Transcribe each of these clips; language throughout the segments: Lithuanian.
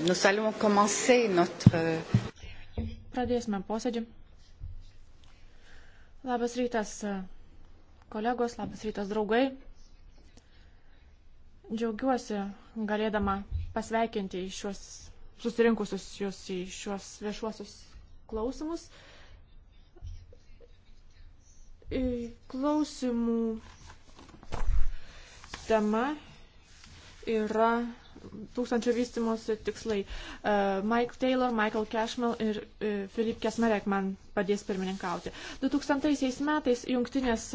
Nous allons commencer notre. Pradėsime posėdį. Labas rytas, e, kolegos, labas rytas, draugai. Džiaugiuosi galėdama pasveikinti šiuos susirinkusius jūs į šiuos viešuosius klausimus. Klausimų tema yra tūkstančio vystimosi tikslai. E, Mike Taylor, Michael Cashmel ir Filip e, Kesmerek man padės pirmininkauti. 2000 metais jungtinės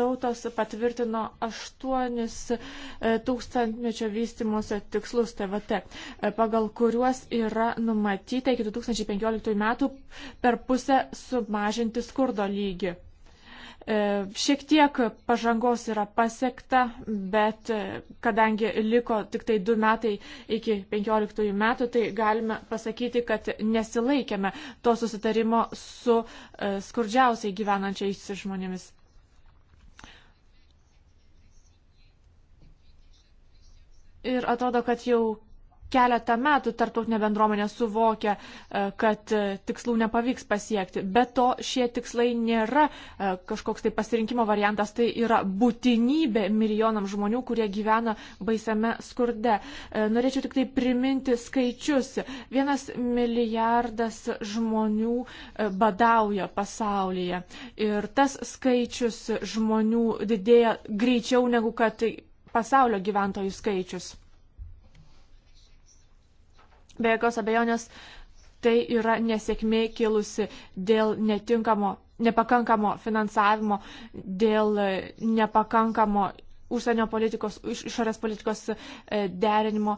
tautos patvirtino 8 e, tūkstantmečio vystimosi tikslus TVT, pagal kuriuos yra numatyta iki 2015 metų per pusę sumažinti skurdo lygį. E, šiek tiek pažangos yra pasiekta, bet e, kadangi liko tik tai du metai iki 15 metų, tai galime pasakyti, kad nesilaikėme to susitarimo su e, skurdžiausiai gyvenančiais žmonėmis. Ir atrodo, kad jau keletą metų tartautinė bendruomenė suvokia, e, kad e, tikslų nepavyks pasiekti. Bet to šie tikslai nėra e, kažkoks tai pasirinkimo variantas, tai yra būtinybė milijonam žmonių, kurie gyvena baisiame skurde. Norėčiau tik tai priminti skaičius. Vienas milijardas žmonių badauja pasaulyje. Ir tas skaičius žmonių didėja greičiau negu kad pasaulio gyventojų skaičius. Be jokios abejonės, tai yra nesėkmė kilusi dėl netinkamo, nepakankamo finansavimo, dėl e, nepakankamo užsienio politikos, išorės politikos e, derinimo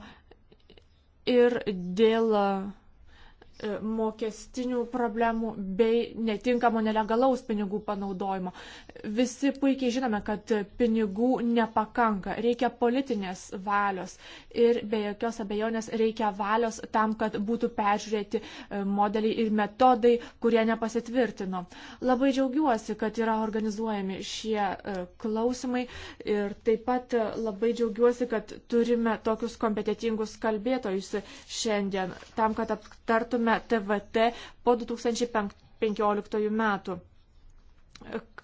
ir dėl e, E, mokestinių problemų bei netinkamo nelegalaus pinigų panaudojimo. Visi puikiai žinome, kad pinigų nepakanka, reikia politinės valios ir be jokios abejonės reikia valios tam, kad būtų peržiūrėti e, modeliai ir metodai, kurie nepasitvirtino. Labai džiaugiuosi, kad yra organizuojami šie e, klausimai ir taip pat labai džiaugiuosi, kad turime tokius kompetitingus kalbėtojus šiandien, tam, kad aptartume turėtume TVT po 2015 metų.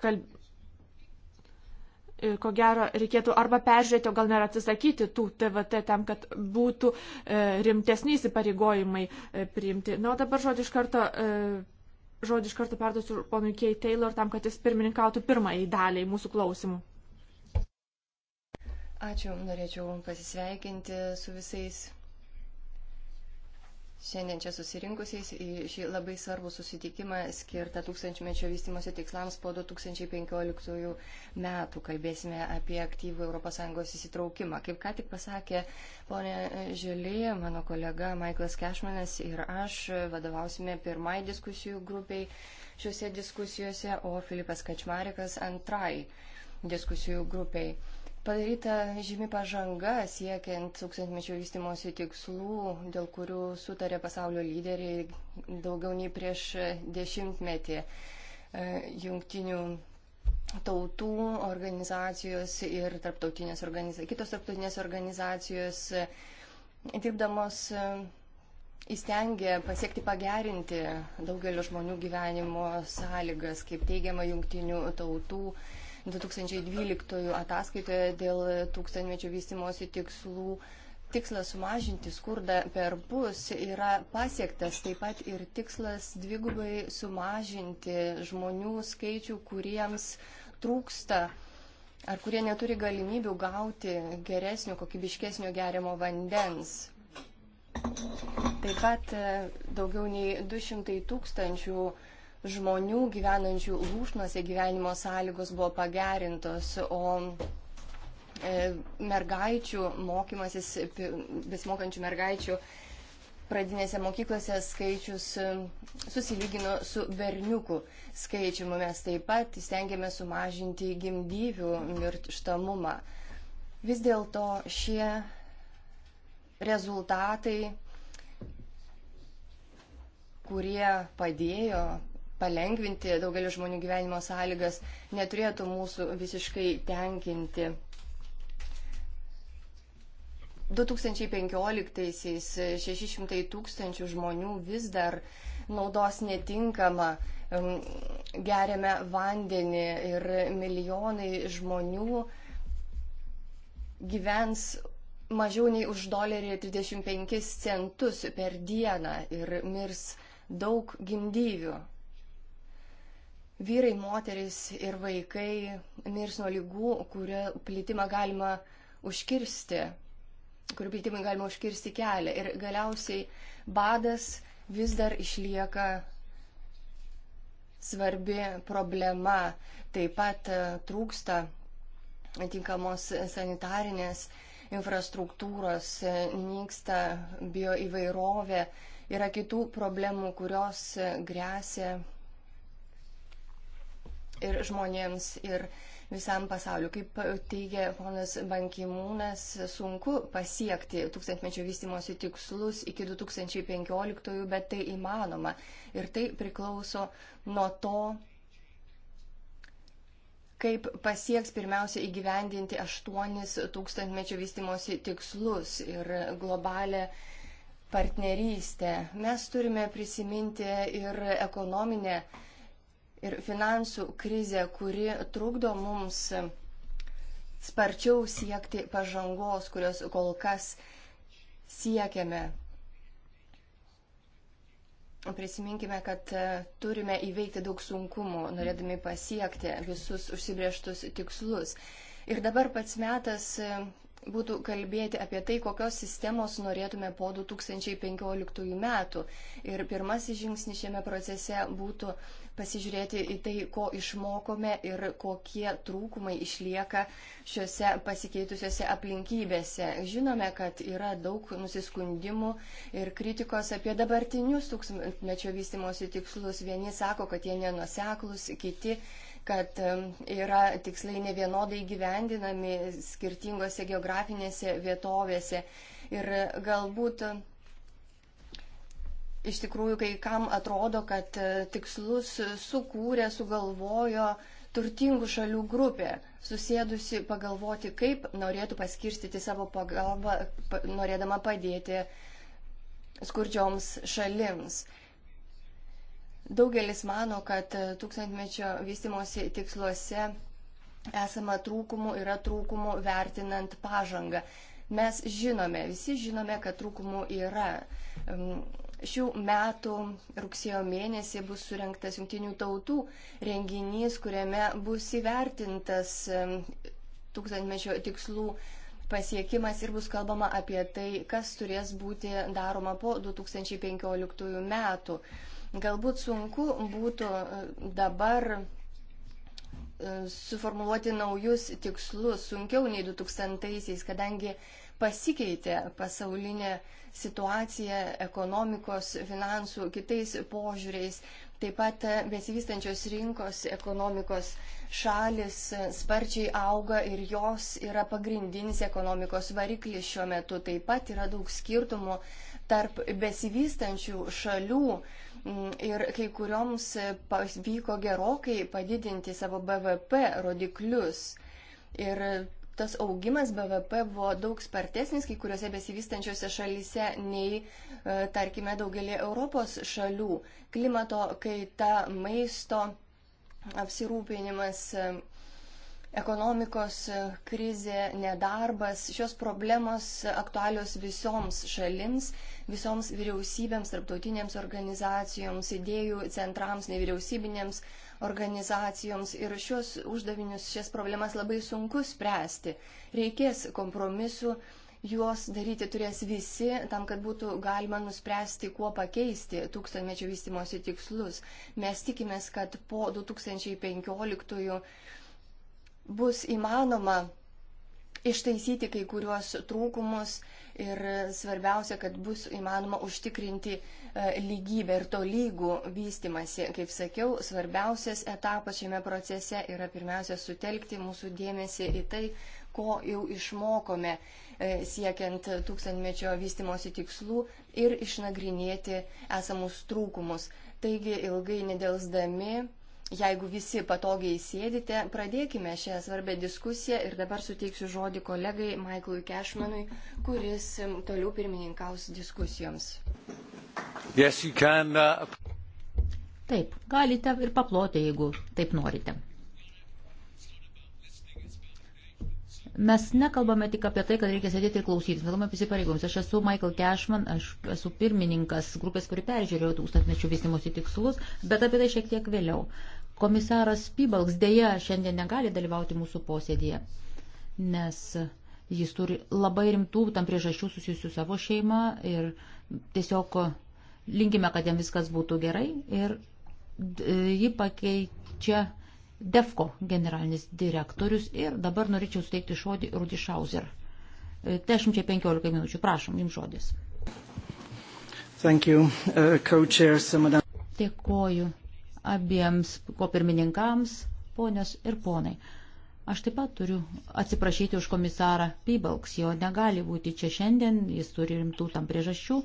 Kalb... Ko gero, reikėtų arba peržiūrėti, o gal net atsisakyti tų TVT tam, kad būtų e, rimtesni įsipareigojimai e, priimti. Na, o dabar žodį iš karto e, žodį iš karto perduosiu ponui Kei Taylor tam, kad jis pirmininkautų pirmąjį dalį mūsų klausimų. Ačiū, norėčiau pasisveikinti su visais šiandien čia susirinkusiais į šį labai svarbų susitikimą skirtą tūkstančmečio vystimosi tikslams po 2015 metų. Kalbėsime apie aktyvų ES įsitraukimą. Kaip ką tik pasakė ponė Želė, mano kolega Maiklas Kešmanas ir aš vadovausime pirmai diskusijų grupiai šiuose diskusijose, o Filipas Kačmarikas antrai diskusijų grupiai. Padaryta žymi pažanga siekiant tūkstantmečio vystimosi tikslų, dėl kurių sutarė pasaulio lyderiai daugiau nei prieš dešimtmetį e, jungtinių tautų organizacijos ir tarptautinės organizacijos, kitos tarptautinės organizacijos e, dirbdamos e, įstengė pasiekti pagerinti daugelio žmonių gyvenimo sąlygas, kaip teigiama jungtinių tautų 2012 ataskaitoje dėl tūkstantmečio vystimosi tikslų tikslas sumažinti skurdą per pus yra pasiektas, taip pat ir tikslas dvigubai sumažinti žmonių skaičių, kuriems trūksta ar kurie neturi galimybių gauti geresnio, kokybiškesnio geriamo vandens. Taip pat e, daugiau nei 200 tūkstančių 000 žmonių gyvenančių lūšnuose gyvenimo sąlygos buvo pagerintos, o e, mergaičių mokymasis, besimokančių mergaičių pradinėse mokyklose skaičius e, susilygino su berniukų skaičiumi. Mes taip pat stengiame sumažinti gimdyvių mirštamumą. Vis dėlto šie rezultatai, kurie padėjo palengvinti daugelio žmonių gyvenimo sąlygas, neturėtų mūsų visiškai tenkinti. 2015-aisiais 600 tūkstančių žmonių vis dar naudos netinkama, geriame vandenį ir milijonai žmonių gyvens mažiau nei už dolerį 35 centus per dieną ir mirs daug gimdyvių vyrai, moteris ir vaikai mirs nuo lygų, kurio plitimą galima užkirsti, kurių plitimai galima užkirsti kelią. Ir galiausiai badas vis dar išlieka svarbi problema. Taip pat e, trūksta tinkamos sanitarinės infrastruktūros, e, nyksta bioįvairovė, yra kitų problemų, kurios e, grėsia ir žmonėms, ir visam pasauliu. Kaip teigia ponas Bankimūnas, sunku pasiekti tūkstantmečio vystimosi tikslus iki 2015, bet tai įmanoma. Ir tai priklauso nuo to, kaip pasieks pirmiausia įgyvendinti aštuonis tūkstantmečio vystimosi tikslus ir globalę partnerystę. Mes turime prisiminti ir ekonominę ir finansų krizė, kuri trukdo mums sparčiau siekti pažangos, kurios kol kas siekiame. Prisiminkime, kad e, turime įveikti daug sunkumų, norėdami pasiekti visus užsibrieštus tikslus. Ir dabar pats metas e, būtų kalbėti apie tai, kokios sistemos norėtume po 2015 metų. Ir pirmasis žingsnis šiame procese būtų pasižiūrėti į tai, ko išmokome ir kokie trūkumai išlieka šiuose pasikeitusiuose aplinkybėse. Žinome, kad yra daug nusiskundimų ir kritikos apie dabartinius tūkstantmečio vystimosi tikslus. Vieni sako, kad jie nenuseklus, kiti kad yra tikslai nevienodai gyvendinami skirtingose geografinėse vietovėse. Ir galbūt iš tikrųjų kai kam atrodo, kad e, tikslus sukūrė, sugalvojo turtingų šalių grupė, susėdusi pagalvoti, kaip norėtų paskirstyti savo pagalbą, norėdama padėti skurdžioms šalims. Daugelis mano, kad e, tūkstantmečio vystimosi tiksluose esama trūkumų, yra trūkumų vertinant pažangą. Mes žinome, visi žinome, kad trūkumų yra Šių metų rugsėjo mėnesį bus surinktas jungtinių tautų renginys, kuriame bus įvertintas tūkstantmečio tikslų pasiekimas ir bus kalbama apie tai, kas turės būti daroma po 2015 metų. Galbūt sunku būtų e, dabar suformuoluoti naujus tikslus sunkiau nei 2000-aisiais, kadangi pasikeitė pasaulinė situacija ekonomikos, finansų, kitais požiūriais. Taip pat besivystančios rinkos ekonomikos šalis sparčiai auga ir jos yra pagrindinis ekonomikos variklis šiuo metu. Taip pat yra daug skirtumų tarp besivystančių šalių Mm, ir kai kurioms e, pavyko gerokai padidinti savo BVP rodiklius. Ir tas augimas BVP buvo daug spartesnis kai kuriuose besivystančiose šalyse nei, e, tarkime, daugelį Europos šalių. Klimato kaita, maisto apsirūpinimas e, ekonomikos e, krizė, nedarbas, šios problemos aktualios visoms šalims, visoms vyriausybėms, tarptautinėms organizacijoms, idėjų centrams, nevyriausybinėms organizacijoms ir šios uždavinius, šias problemas labai sunku spręsti. Reikės kompromisu, juos daryti turės visi, tam, kad būtų galima nuspręsti, kuo pakeisti tūkstantmečio vystimosi tikslus. Mes tikimės, kad po 2015 bus įmanoma ištaisyti kai kuriuos trūkumus ir svarbiausia, kad bus įmanoma užtikrinti e, lygybę ir to lygų vystimasi. Kaip sakiau, svarbiausias etapas šiame procese yra pirmiausia sutelkti mūsų dėmesį į tai, ko jau išmokome e, siekiant tūkstantmečio vystimosi tikslų ir išnagrinėti esamus trūkumus. Taigi ilgai nedelsdami Jeigu visi patogiai sėdite, pradėkime šią svarbę diskusiją ir dabar suteiksiu žodį kolegai Michaelui Kešmanui, kuris toliau pirmininkaus diskusijoms. Yes, can, uh... Taip, galite ir paploti, jeigu taip norite. mes nekalbame tik apie tai, kad reikia sėdėti ir klausytis, kalbame apie įsipareigojimus. Aš esu Michael Cashman, aš esu pirmininkas grupės, kuri peržiūrėjo tūkstantmečių vystimosi tikslus, bet apie tai šiek tiek vėliau. Komisaras Pybalks dėja šiandien negali dalyvauti mūsų posėdėje, nes jis turi labai rimtų tam priežasčių susijusių savo šeimą ir tiesiog linkime, kad jam viskas būtų gerai ir e, jį pakeičia DEFCO generalinis direktorius ir dabar norėčiau suteikti žodį Rudi Šauzer. 10-15 e, minučių, prašom, jums žodis. Thank you, uh, co-chairs, madam. Dėkoju, abiems kopirmininkams, ponios ir ponai. Aš taip pat turiu atsiprašyti už komisarą Pybalks, jo negali būti čia šiandien, jis turi rimtų tam priežasčių.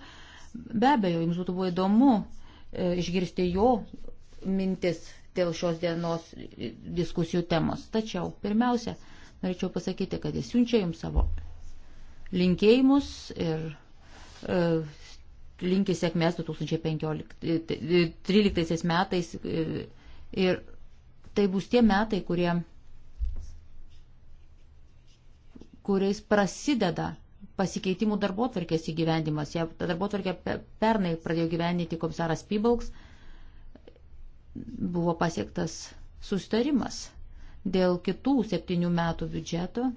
Be abejo, jums būtų buvo įdomu e, išgirsti jo mintis dėl šios dienos diskusijų temos. Tačiau, pirmiausia, norėčiau pasakyti, kad jis siunčia jums savo linkėjimus ir e, linki sėkmės 2013 metais e, ir tai bus tie metai, kurie, kuriais prasideda pasikeitimų darbo tvarkės įgyvendimas. Ja, ta darbo tvarkė pernai pradėjo gyveninti komisaras Pybalks, buvo pasiektas sustarimas dėl kitų septynių metų biudžeto,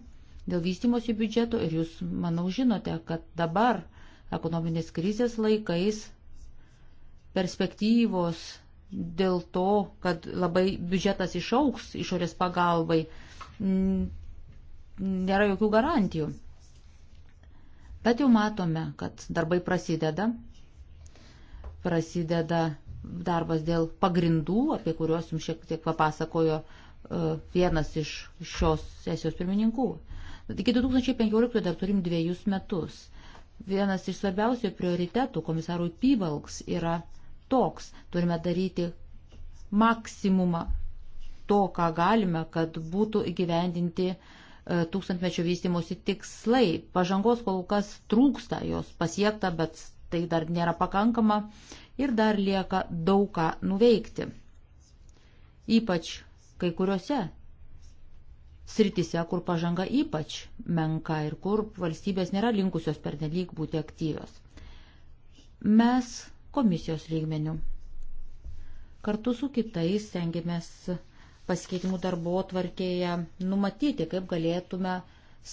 dėl vystimosi biudžeto ir jūs, manau, žinote, kad dabar ekonominės krizės laikais perspektyvos dėl to, kad labai biudžetas išauks išorės pagalbai, nėra jokių garantijų. Bet jau matome, kad darbai prasideda. Prasideda darbas dėl pagrindų, apie kuriuos jums šiek tiek papasakojo e, vienas iš šios sesijos pirmininkų. Iki 2015 dar turim dviejus metus. Vienas iš svarbiausių prioritetų komisarui Pyvalks yra toks. Turime daryti maksimumą to, ką galime, kad būtų įgyvendinti e, tūkstantmečio vystimosi tikslai. Pažangos kol kas trūksta, jos pasiekta, bet tai dar nėra pakankama ir dar lieka daug ką nuveikti. Ypač kai kuriuose sritise, kur pažanga ypač menka ir kur valstybės nėra linkusios pernelyg būti aktyvios. Mes komisijos lygmenių kartu su kitais stengiamės pasikeitimų darbo tvarkėje numatyti, kaip galėtume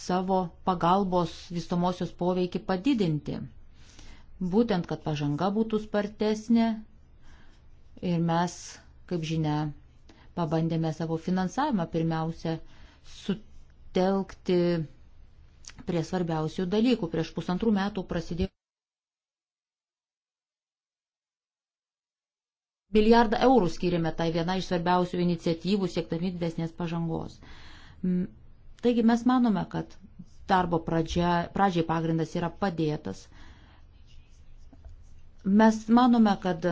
savo pagalbos vystomosios poveikį padidinti. Būtent, kad pažanga būtų spartesnė ir mes, kaip žinia, pabandėme savo finansavimą pirmiausia sutelkti prie svarbiausių dalykų. Prieš pusantrų metų prasidėjo milijardą eurų skiriame tai viena iš svarbiausių iniciatyvų siektami didesnės pažangos. Taigi mes manome, kad darbo pradžia, pradžiai pagrindas yra padėtas. Mes manome, kad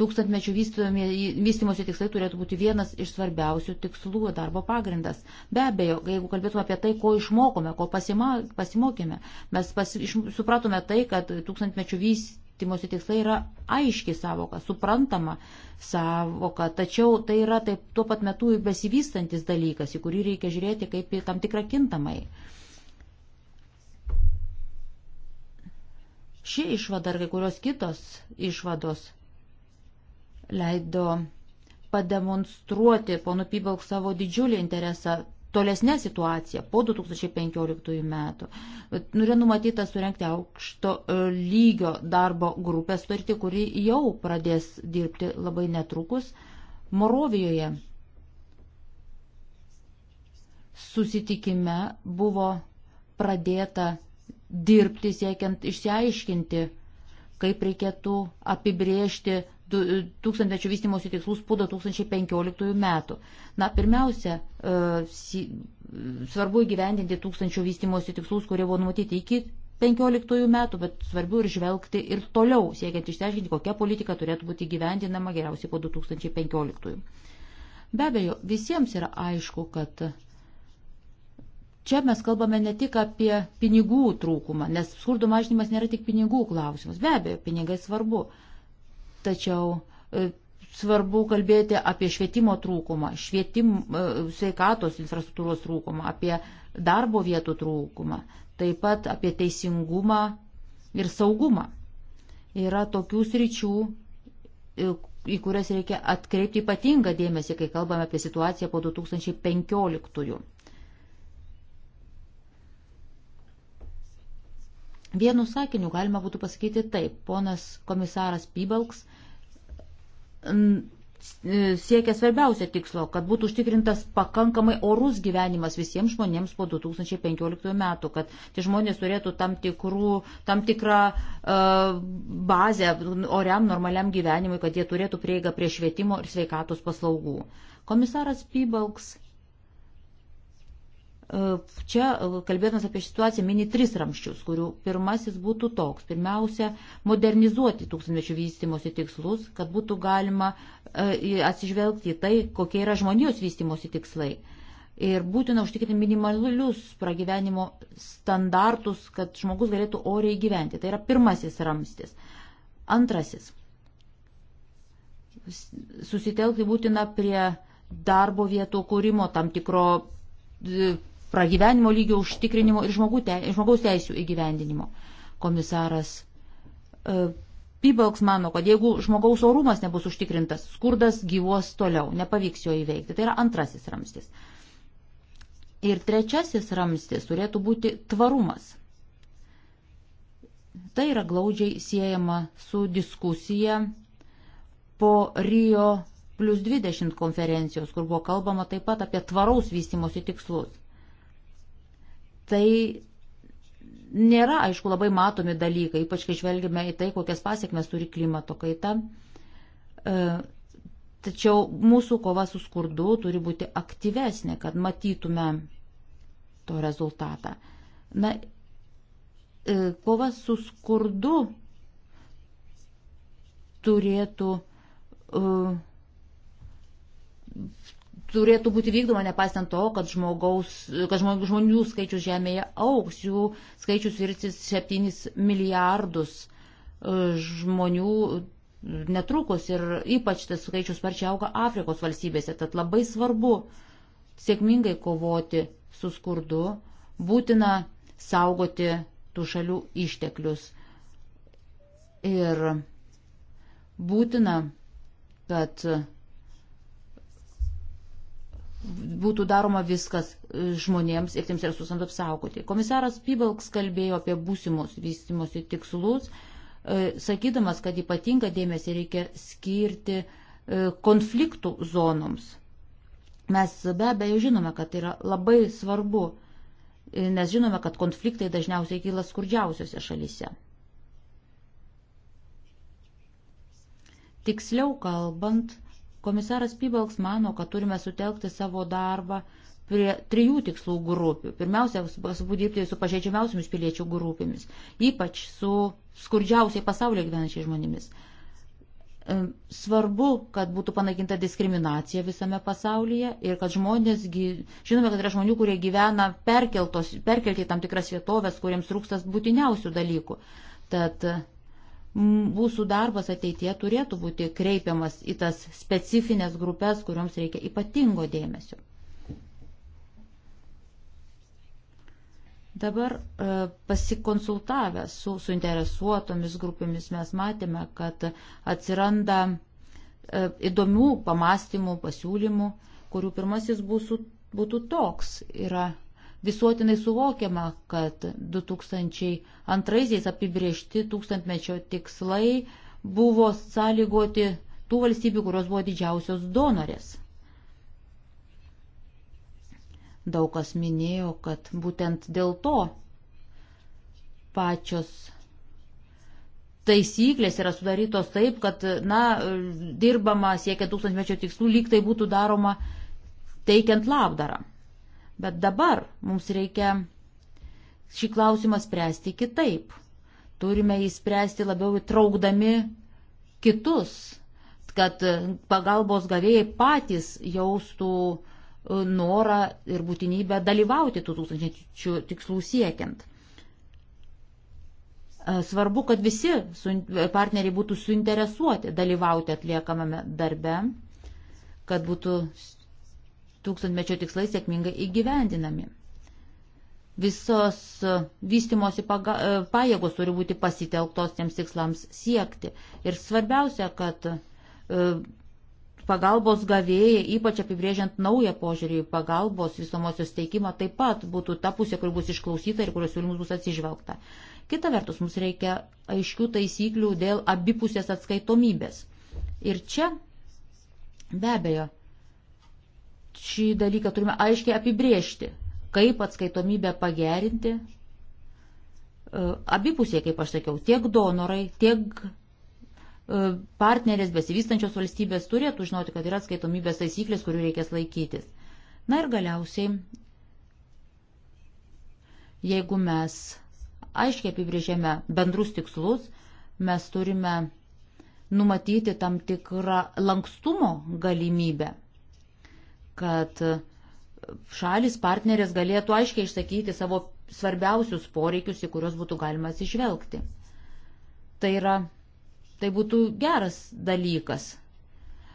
Tūkstantmečių vystimosi tikslai turėtų būti vienas iš svarbiausių tikslų darbo pagrindas. Be abejo, jeigu kalbėtume apie tai, ko išmokome, ko pasima, pasimokėme, mes pas, iš, supratome tai, kad tūkstantmečių vystimosi tikslai yra aiški savoka, suprantama savoka, tačiau tai yra taip tuo pat metu ir besivystantis dalykas, į kurį reikia žiūrėti kaip į tam tikrą kintamai. Ši išvada ir kai kurios kitos išvados leido pademonstruoti ponu Pybalk savo didžiulį interesą tolesnė situacija po 2015 metų. Yra numatyta surenkti aukšto e, lygio darbo grupę sutartį, kuri jau pradės dirbti labai netrukus Morovijoje. Susitikime buvo pradėta dirbti siekiant išsiaiškinti, kaip reikėtų apibriežti tūkstantmečio vystimosi tikslus po 2015 metų. Na, pirmiausia, e, svarbu įgyvendinti tūkstančio vystimosi tikslus, kurie buvo numatyti iki 2015 metų, bet svarbu ir žvelgti ir toliau, siekiant išsiaiškinti, kokia politika turėtų būti gyvendinama geriausiai po 2015. Be abejo, visiems yra aišku, kad čia mes kalbame ne tik apie pinigų trūkumą, nes skurdo mažinimas nėra tik pinigų klausimas. Be abejo, pinigai svarbu, Tačiau e, svarbu kalbėti apie švietimo trūkumą, švietim, e, sveikatos infrastruktūros trūkumą, apie darbo vietų trūkumą, taip pat apie teisingumą ir saugumą. Yra tokių sričių, e, į kurias reikia atkreipti ypatingą dėmesį, kai kalbame apie situaciją po 2015. -ųjų. Vienu sakiniu galima būtų pasakyti taip, ponas komisaras Pybalks siekia svarbiausia tikslo, kad būtų užtikrintas pakankamai orus gyvenimas visiems žmonėms po 2015 metų, kad tie žmonės turėtų tam, tikrų, tam tikrą uh, bazę oriam normaliam gyvenimui, kad jie turėtų prieigą prie švietimo ir sveikatos paslaugų. Komisaras Pybalks E, čia, e, kalbėdamas apie situaciją, mini tris ramščius, kurių pirmasis būtų toks. Pirmiausia, modernizuoti tūkstantmečių vystimosi tikslus, kad būtų galima e, atsižvelgti į tai, kokie yra žmonijos vystimosi tikslai. Ir būtina užtikrinti minimalius pragyvenimo standartus, kad žmogus galėtų oriai gyventi. Tai yra pirmasis ramstis. Antrasis. Susitelkti būtina prie darbo vietų kūrimo tam tikro pragyvenimo lygio užtikrinimo ir žmogaus teisų įgyvendinimo. Komisaras e, Pibalks mano, kad jeigu žmogaus orumas nebus užtikrintas, skurdas gyvos toliau, nepavyks jo įveikti. Tai yra antrasis ramstis. Ir trečiasis ramstis turėtų būti tvarumas. Tai yra glaudžiai siejama su diskusija po Rio plus 20 konferencijos, kur buvo kalbama taip pat apie tvaraus vystimosi tikslus. Tai nėra, aišku, labai matomi dalykai, ypač kai žvelgime į tai, kokias pasiekmes turi klimato kaita. E, tačiau mūsų kova su skurdu turi būti aktyvesnė, kad matytume to rezultatą. Na, e, kova su skurdu turėtų uh, turėtų būti vykdoma nepaisant to, kad, žmogaus, kad žmonių skaičius Žemėje auks, jų skaičius virsis 7 milijardus e, žmonių netrukus ir ypač tas skaičius sparčiai auga Afrikos valstybėse, tad labai svarbu sėkmingai kovoti su skurdu, būtina saugoti tų šalių išteklius ir būtina, kad būtų daroma viskas e, žmonėms ir tiems resursams apsaugoti. Komisaras Pibalks kalbėjo apie būsimus vystimosi tikslus, e, sakydamas, kad ypatingą dėmesį reikia skirti e, konfliktų zonoms. Mes be abejo žinome, kad tai yra labai svarbu, nes žinome, kad konfliktai dažniausiai kyla skurdžiausiose šalyse. Tiksliau kalbant, Komisaras Pybalks mano, kad turime sutelkti savo darbą prie trijų tikslų grupių. Pirmiausia, būdyti su pažeidžiamiausiamis piliečių grupėmis, ypač su skurdžiausiai pasaulyje gyvenančiais žmonėmis. Svarbu, kad būtų panaikinta diskriminacija visame pasaulyje ir kad žmonės, žinome, kad yra žmonių, kurie gyvena perkelti tam tikras vietovės, kuriems trūkstas būtiniausių dalykų. Tad mūsų darbas ateitie turėtų būti kreipiamas į tas specifines grupės, kuriuoms reikia ypatingo dėmesio. Dabar e, pasikonsultavę su suinteresuotomis grupėmis mes matėme, kad atsiranda e, įdomių pamastymų, pasiūlymų, kurių pirmasis būsų, būtų toks. Yra visuotinai suvokiama, kad 2002-aisiais apibriežti tūkstantmečio tikslai buvo sąlygoti tų valstybių, kurios buvo didžiausios donorės. Daug kas minėjo, kad būtent dėl to pačios taisyklės yra sudarytos taip, kad, na, dirbama siekia tūkstantmečio tikslų, lyg tai būtų daroma teikiant labdarą. Bet dabar mums reikia šį klausimą spręsti kitaip. Turime jį spręsti labiau įtraukdami kitus, kad pagalbos gavėjai patys jaustų e, norą ir būtinybę dalyvauti tų tūkstančių tikslų siekiant. E, svarbu, kad visi partneriai būtų suinteresuoti dalyvauti atliekamame darbe, kad būtų tūkstantmečio tikslai sėkmingai įgyvendinami. Visos e, vystimosi e, pajėgos turi būti pasitelktos tiems tikslams siekti. Ir svarbiausia, kad e, pagalbos gavėjai, ypač apibrėžiant naują požiūrį į pagalbos visomosios teikimą, taip pat būtų ta pusė, kur bus išklausyta ir kurios siūlymus bus atsižvelgta. Kita vertus, mums reikia aiškių taisyklių dėl abipusės atskaitomybės. Ir čia, be abejo, šį dalyką turime aiškiai apibriežti, kaip atskaitomybę pagerinti. E, abipusiai, kaip aš sakiau, tiek donorai, tiek e, partnerės besivystančios valstybės turėtų žinoti, kad yra atskaitomybės taisyklės, kurių reikės laikytis. Na ir galiausiai, jeigu mes aiškiai apibrėžėme bendrus tikslus, mes turime numatyti tam tikrą lankstumo galimybę kad šalis partnerės galėtų aiškiai išsakyti savo svarbiausius poreikius, į kuriuos būtų galima atsižvelgti. Tai, yra, tai būtų geras dalykas.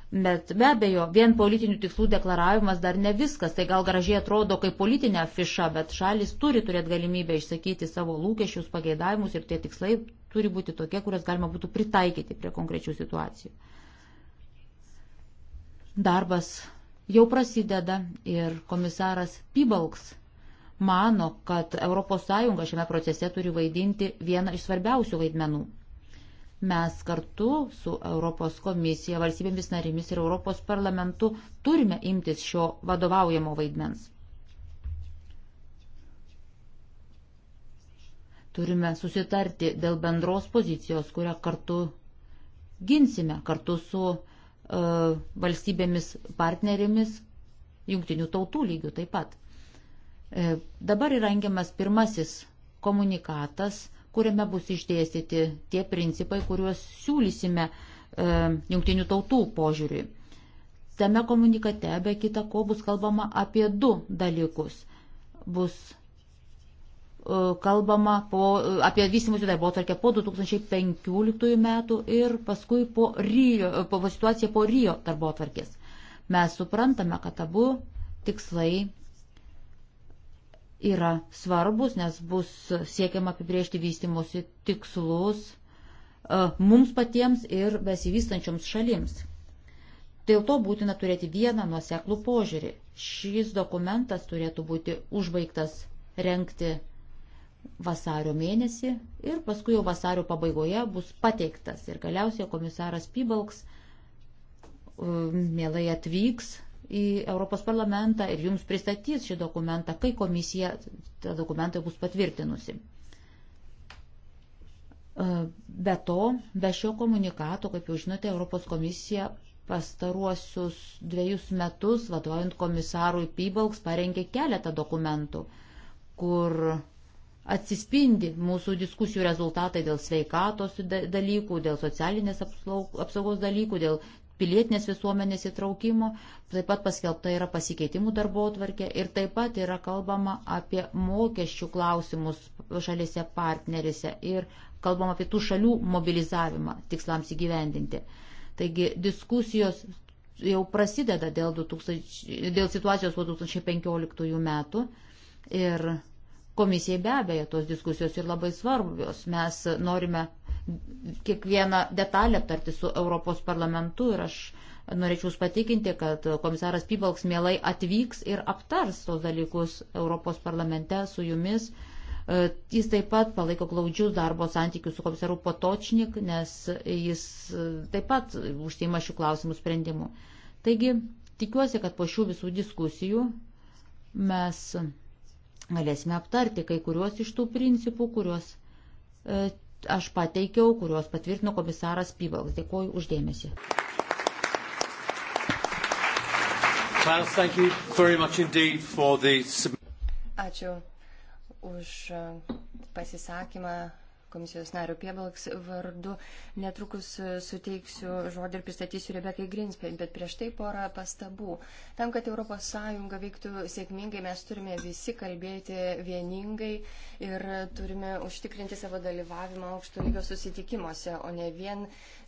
Bet be abejo, vien politinių tikslų deklaravimas dar ne viskas, tai gal gražiai atrodo kaip politinė afiša, bet šalis turi turėti galimybę išsakyti savo lūkesčius, pageidavimus ir tie tikslai turi būti tokie, kurias galima būtų pritaikyti prie konkrečių situacijų. Darbas jau prasideda ir komisaras Pibalks mano, kad ES šiame procese turi vaidinti vieną iš svarbiausių vaidmenų. Mes kartu su Europos komisija, valstybėmis narimis ir Europos parlamentu turime imtis šio vadovaujamo vaidmens. Turime susitarti dėl bendros pozicijos, kurią kartu ginsime, kartu su E, valstybėmis partnerėmis, jungtinių tautų lygių taip pat. E, dabar įrengiamas pirmasis komunikatas, kuriame bus išdėstyti tie principai, kuriuos siūlysime e, jungtinių tautų požiūriui. Tame komunikate be kita ko bus kalbama apie du dalykus. Bus E, kalbama po, e, apie vystimusių darbo tarkę po 2015 metų ir paskui po, Rio, e, po situaciją po Rio darbo tarkės. Mes suprantame, kad abu tikslai yra svarbus, nes bus siekiama apibriežti vystimusi tikslus mums patiems ir besivystančioms šalims. Dėl to būtina turėti vieną nuoseklų požiūrį. Šis dokumentas turėtų būti užbaigtas renkti vasario mėnesį ir paskui jau vasario pabaigoje bus pateiktas. Ir galiausiai komisaras Pybalks um, mielai atvyks į Europos parlamentą ir jums pristatys šį dokumentą, kai komisija tą dokumentą bus patvirtinusi. Uh, be to, be šio komunikato, kaip jau žinote, Europos komisija pastaruosius dviejus metus, vadovaujant komisarui Pybalks, parengė keletą dokumentų, kur atsispindi mūsų diskusijų rezultatai dėl sveikatos dalykų, dėl socialinės apsaugos dalykų, dėl pilietinės visuomenės įtraukimo, taip pat paskelbta yra pasikeitimų darbo atvarkė ir taip pat yra kalbama apie mokesčių klausimus šalise partnerėse ir kalbama apie tų šalių mobilizavimą tikslams įgyvendinti. Taigi diskusijos jau prasideda dėl, 2000, dėl situacijos po 2015 metų ir Komisijai be abejo tos diskusijos ir labai svarbios. Mes norime kiekvieną detalę aptarti su Europos parlamentu ir aš norėčiau patikinti, kad komisaras Pybalks mielai atvyks ir aptars tos dalykus Europos parlamente su jumis. E, jis taip pat palaiko glaudžius darbo santykius su komisaru Potočnik, nes jis e, taip pat užsieima šių klausimų sprendimu. Taigi, tikiuosi, kad po šių visų diskusijų mes galėsime aptarti kai kuriuos iš tų principų, kuriuos e, aš pateikiau, kuriuos patvirtino komisaras Pybalks. Dėkuoju uždėmesi. Ačiū už e, pasisakymą komisijos nario Piebalks vardu. Netrukus e, suteiksiu žodį ir pristatysiu Rebekai Grinspen, bet prieš tai porą pastabų. Tam, kad ES veiktų sėkmingai, mes turime visi kalbėti vieningai ir turime užtikrinti savo dalyvavimą aukšto lygio susitikimuose, o ne vien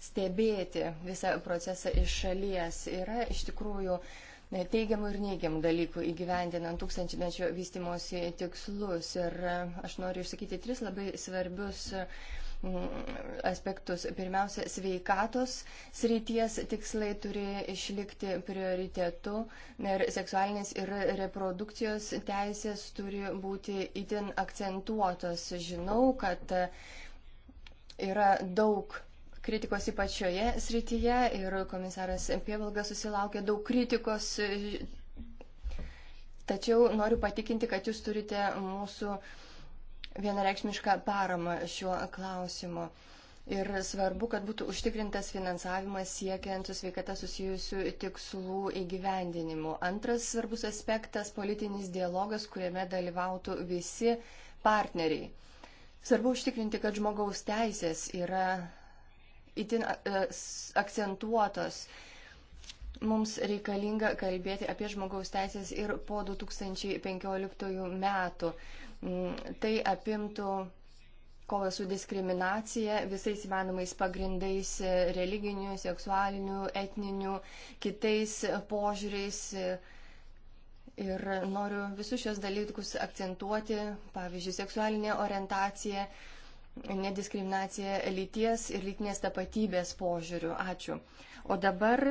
stebėti visą procesą iš šalies. Yra iš tikrųjų uh, E, teigiamų ir neigiamų dalykų įgyvendinant tūkstančmečio vystimosi tikslus. Ir e, aš noriu išsakyti tris labai svarbius e, aspektus. Pirmiausia, sveikatos srities tikslai turi išlikti prioritetu ir seksualinės ir reprodukcijos teisės turi būti itin akcentuotos. Žinau, kad yra daug kritikos ypač šioje srityje ir komisaras Pievalga susilaukė daug kritikos. Tačiau noriu patikinti, kad jūs turite mūsų vienareikšmišką paramą šiuo klausimu. Ir svarbu, kad būtų užtikrintas finansavimas siekiant su sveikata susijusių tikslų įgyvendinimu. Antras svarbus aspektas - politinis dialogas, kuriame dalyvautų visi partneriai. Svarbu užtikrinti, kad žmogaus teisės yra itin e, akcentuotos. Mums reikalinga kalbėti apie žmogaus teisės ir po 2015 metų. Mm, tai apimtų kovą su diskriminacija visais įmanomais pagrindais e, - religinių, seksualinių, etninių, kitais požiūriais. E, ir noriu visus šios dalykus akcentuoti, pavyzdžiui, seksualinė orientacija, nediskriminacija lyties ir lytinės tapatybės požiūrių. Ačiū. O dabar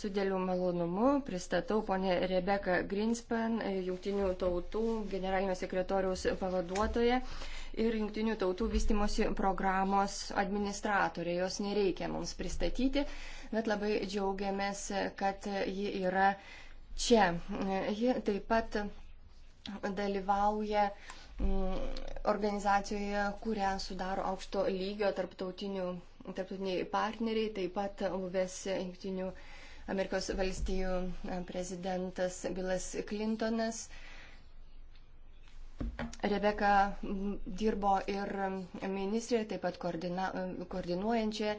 su dėliu malonumu pristatau ponę Rebeką Greenspan, Junktinių tautų generalinio sekretoriaus pavaduotoją ir Junktinių tautų vystimosi programos administratorė. Jos nereikia mums pristatyti, bet labai džiaugiamės, kad ji yra čia. Ji taip pat dalyvauja Mm, organizacijoje, kurią sudaro aukšto lygio tarptautiniai partneriai, taip pat buvęs jungtinių Amerikos valstijų e, prezidentas Bilas Clintonas. Rebeka dirbo ir ministrė, taip pat koordina, koordinuojančia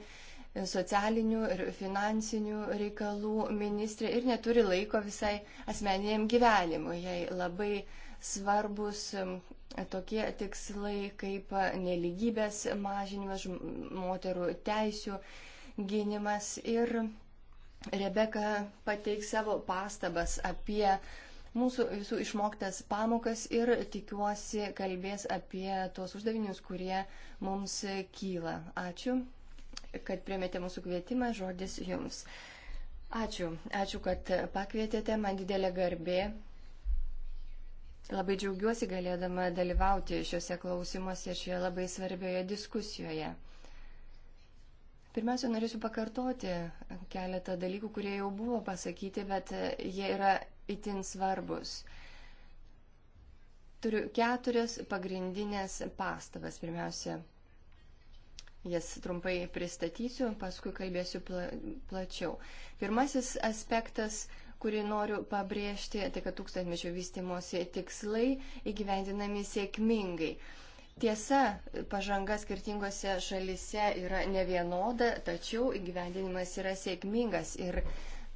socialinių ir finansinių reikalų ministrė ir neturi laiko visai asmeniniam gyvenimui. Jai labai svarbus tokie tikslai kaip neligybės mažinimas, moterų teisių gynimas. Ir Rebeka pateiks savo pastabas apie mūsų visų išmoktas pamokas ir tikiuosi kalbės apie tuos uždavinius, kurie mums kyla. Ačiū, kad priemėte mūsų kvietimą, žodis jums. Ačiū, ačiū, kad pakvietėte, man didelė garbė Labai džiaugiuosi galėdama dalyvauti šiuose klausimuose ir šioje labai svarbioje diskusijoje. Pirmiausia, norėsiu pakartoti keletą dalykų, kurie jau buvo pasakyti, bet jie yra itin svarbus. Turiu keturias pagrindinės pastabas. Pirmiausia, jas trumpai pristatysiu, paskui kalbėsiu pla plačiau. Pirmasis aspektas kurį noriu pabrėžti, tai kad tūkstantmečio vystimosi tikslai įgyvendinami sėkmingai. Tiesa, pažanga skirtingose šalise yra nevienoda, tačiau įgyvendinimas yra sėkmingas ir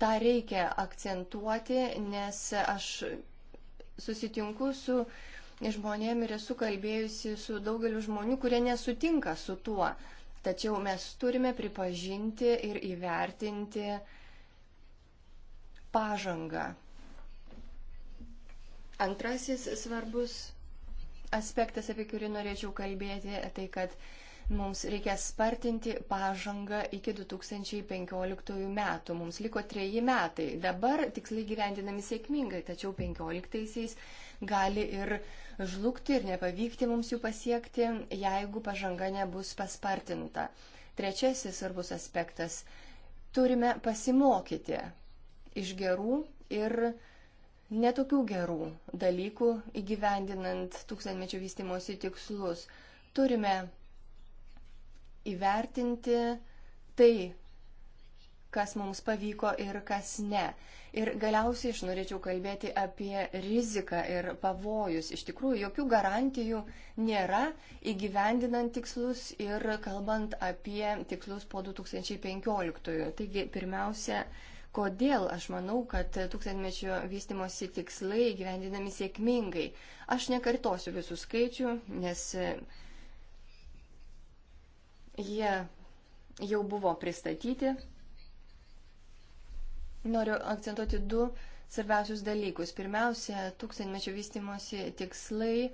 tą reikia akcentuoti, nes aš susitinku su žmonėm ir esu kalbėjusi su daugeliu žmonių, kurie nesutinka su tuo. Tačiau mes turime pripažinti ir įvertinti uh, pažangą. Antrasis svarbus aspektas, apie kurį norėčiau kalbėti, tai kad mums reikės spartinti pažangą iki 2015 metų. Mums liko treji metai. Dabar tikslai gyvendinami sėkmingai, tačiau 15-aisiais gali ir žlugti ir nepavykti mums jų pasiekti, jeigu pažanga nebus paspartinta. Trečiasis svarbus aspektas. Turime pasimokyti iš gerų ir netokių gerų dalykų įgyvendinant tūkstantmečio vystimosi tikslus. Turime įvertinti tai, kas mums pavyko ir kas ne. Ir galiausiai aš norėčiau kalbėti apie riziką ir pavojus. Iš tikrųjų, jokių garantijų nėra įgyvendinant tikslus ir kalbant apie tikslus po 2015. Taigi, pirmiausia, Kodėl aš manau, kad tūkstantmečio vystimosi tikslai gyvendinami sėkmingai? Aš nekartosiu visų skaičių, nes e, jie jau buvo pristatyti. Noriu akcentuoti du svarbiausius dalykus. Pirmiausia, tūkstantmečio vystimosi tikslai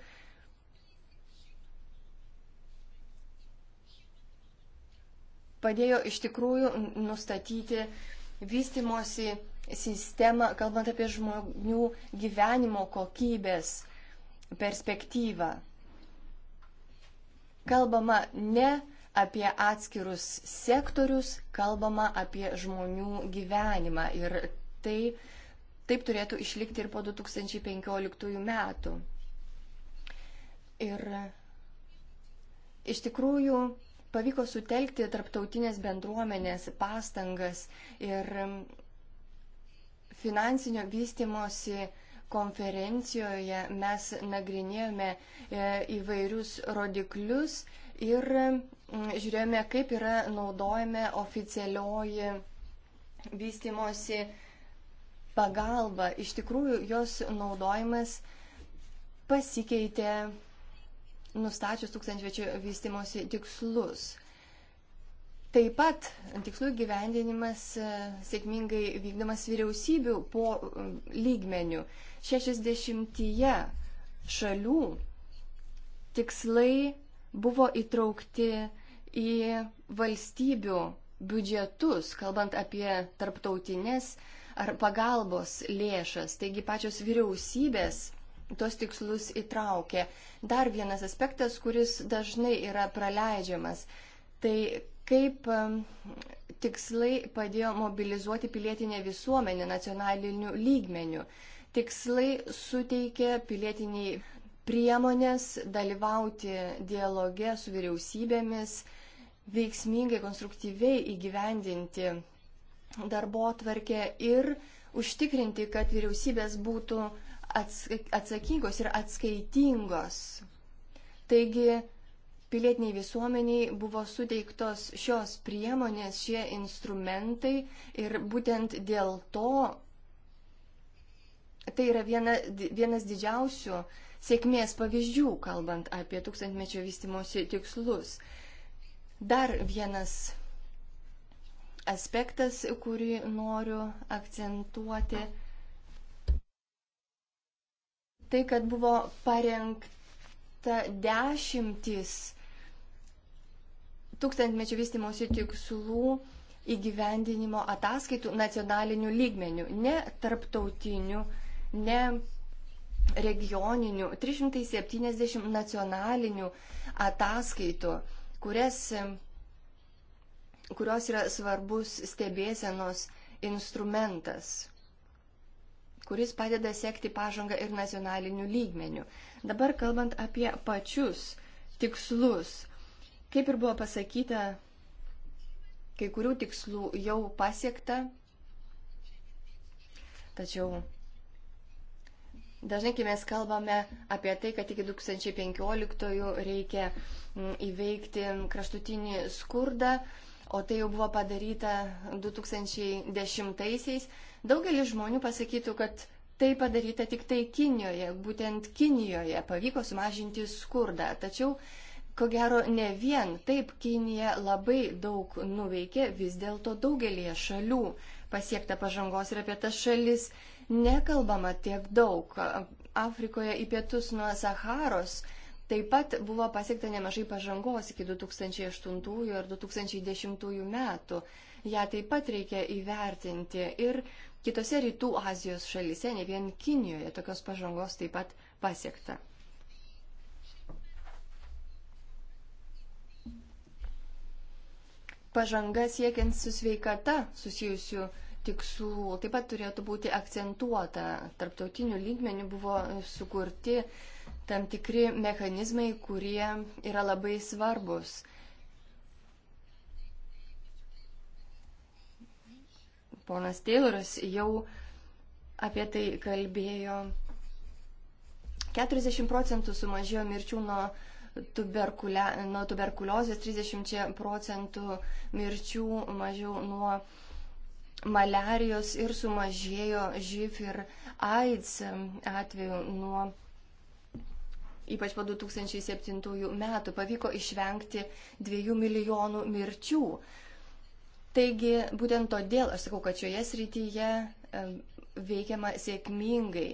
padėjo iš tikrųjų nustatyti vystimosi sistemą, kalbant apie žmonių gyvenimo kokybės perspektyvą. Kalbama ne apie atskirus sektorius, kalbama apie žmonių gyvenimą ir tai taip turėtų išlikti ir po 2015 metų. Ir iš tikrųjų pavyko sutelkti tarptautinės bendruomenės pastangas ir um, finansinio vystimosi konferencijoje mes nagrinėjome e, įvairius rodiklius ir um, žiūrėjome, kaip yra naudojame oficialioji vystimosi pagalba. Iš tikrųjų, jos naudojimas pasikeitė nustačius tūkstančio vystimosi tikslus. Taip pat tikslų gyvendinimas e, sėkmingai vykdomas vyriausybių po e, lygmenių. 60 šalių tikslai buvo įtraukti į valstybių biudžetus, kalbant apie tarptautinės ar pagalbos lėšas. Taigi pačios vyriausybės tuos tikslus įtraukė. Dar vienas aspektas, kuris dažnai yra praleidžiamas, tai kaip tikslai padėjo mobilizuoti pilietinę visuomenę nacionaliniu lygmeniu. Tikslai suteikė pilietiniai priemonės dalyvauti dialoge su vyriausybėmis, veiksmingai, konstruktyviai įgyvendinti darbo tvarkę ir užtikrinti, kad vyriausybės būtų uh, atsakingos ir atskaitingos. Taigi pilietiniai visuomeniai buvo suteiktos šios priemonės, šie instrumentai ir būtent dėl to tai yra viena, vienas didžiausių sėkmės pavyzdžių, kalbant apie tūkstantmečio vystimosi tikslus. Dar vienas aspektas, kurį noriu akcentuoti. Na tai, kad buvo parengta dešimtis tūkstantmečio vystimosi tikslų įgyvendinimo ataskaitų nacionalinių lygmenių, ne tarptautinių, ne regioninių, 370 nacionalinių ataskaitų, kurias, kurios yra svarbus stebėsenos instrumentas kuris padeda sekti pažangą ir nacionaliniu lygmeniu. Dabar kalbant apie pačius tikslus, kaip ir buvo pasakyta, kai kurių tikslų jau pasiekta, tačiau dažnai, kai mes kalbame apie tai, kad iki 2015 reikia mm, įveikti kraštutinį skurdą, o tai jau buvo padaryta 2010-aisiais, daugelis žmonių pasakytų, kad tai padaryta tik tai Kinijoje, būtent Kinijoje pavyko sumažinti skurdą. Tačiau, ko gero, ne vien taip Kinija labai daug nuveikė, vis dėlto daugelie šalių pasiekta pažangos ir apie tas šalis nekalbama tiek daug. Afrikoje į pietus nuo Saharos Taip pat buvo pasiekta nemažai pažangos iki 2008 ir 2010 metų. Ja taip pat reikia įvertinti ir kitose rytų Azijos šalise, ne vien Kinijoje, tokios pažangos taip pat pasiekta. Pažanga siekiant su sveikata susijusių tikslų taip pat turėtų būti akcentuota. Tarptautinių lygmenių buvo sukurti uh, tam tikri mechanizmai, kurie yra labai svarbus. Ponas Tayloras jau apie tai kalbėjo. 40 procentų sumažėjo mirčių nuo, tuberkulio, nuo tuberkuliozės, 30 procentų mirčių mažiau nuo maliarijos ir sumažėjo živ ir AIDS atveju nuo ypač po 2007 metų, pavyko išvengti 2 milijonų mirčių. Taigi, būtent todėl aš sakau, kad šioje srityje veikiama sėkmingai.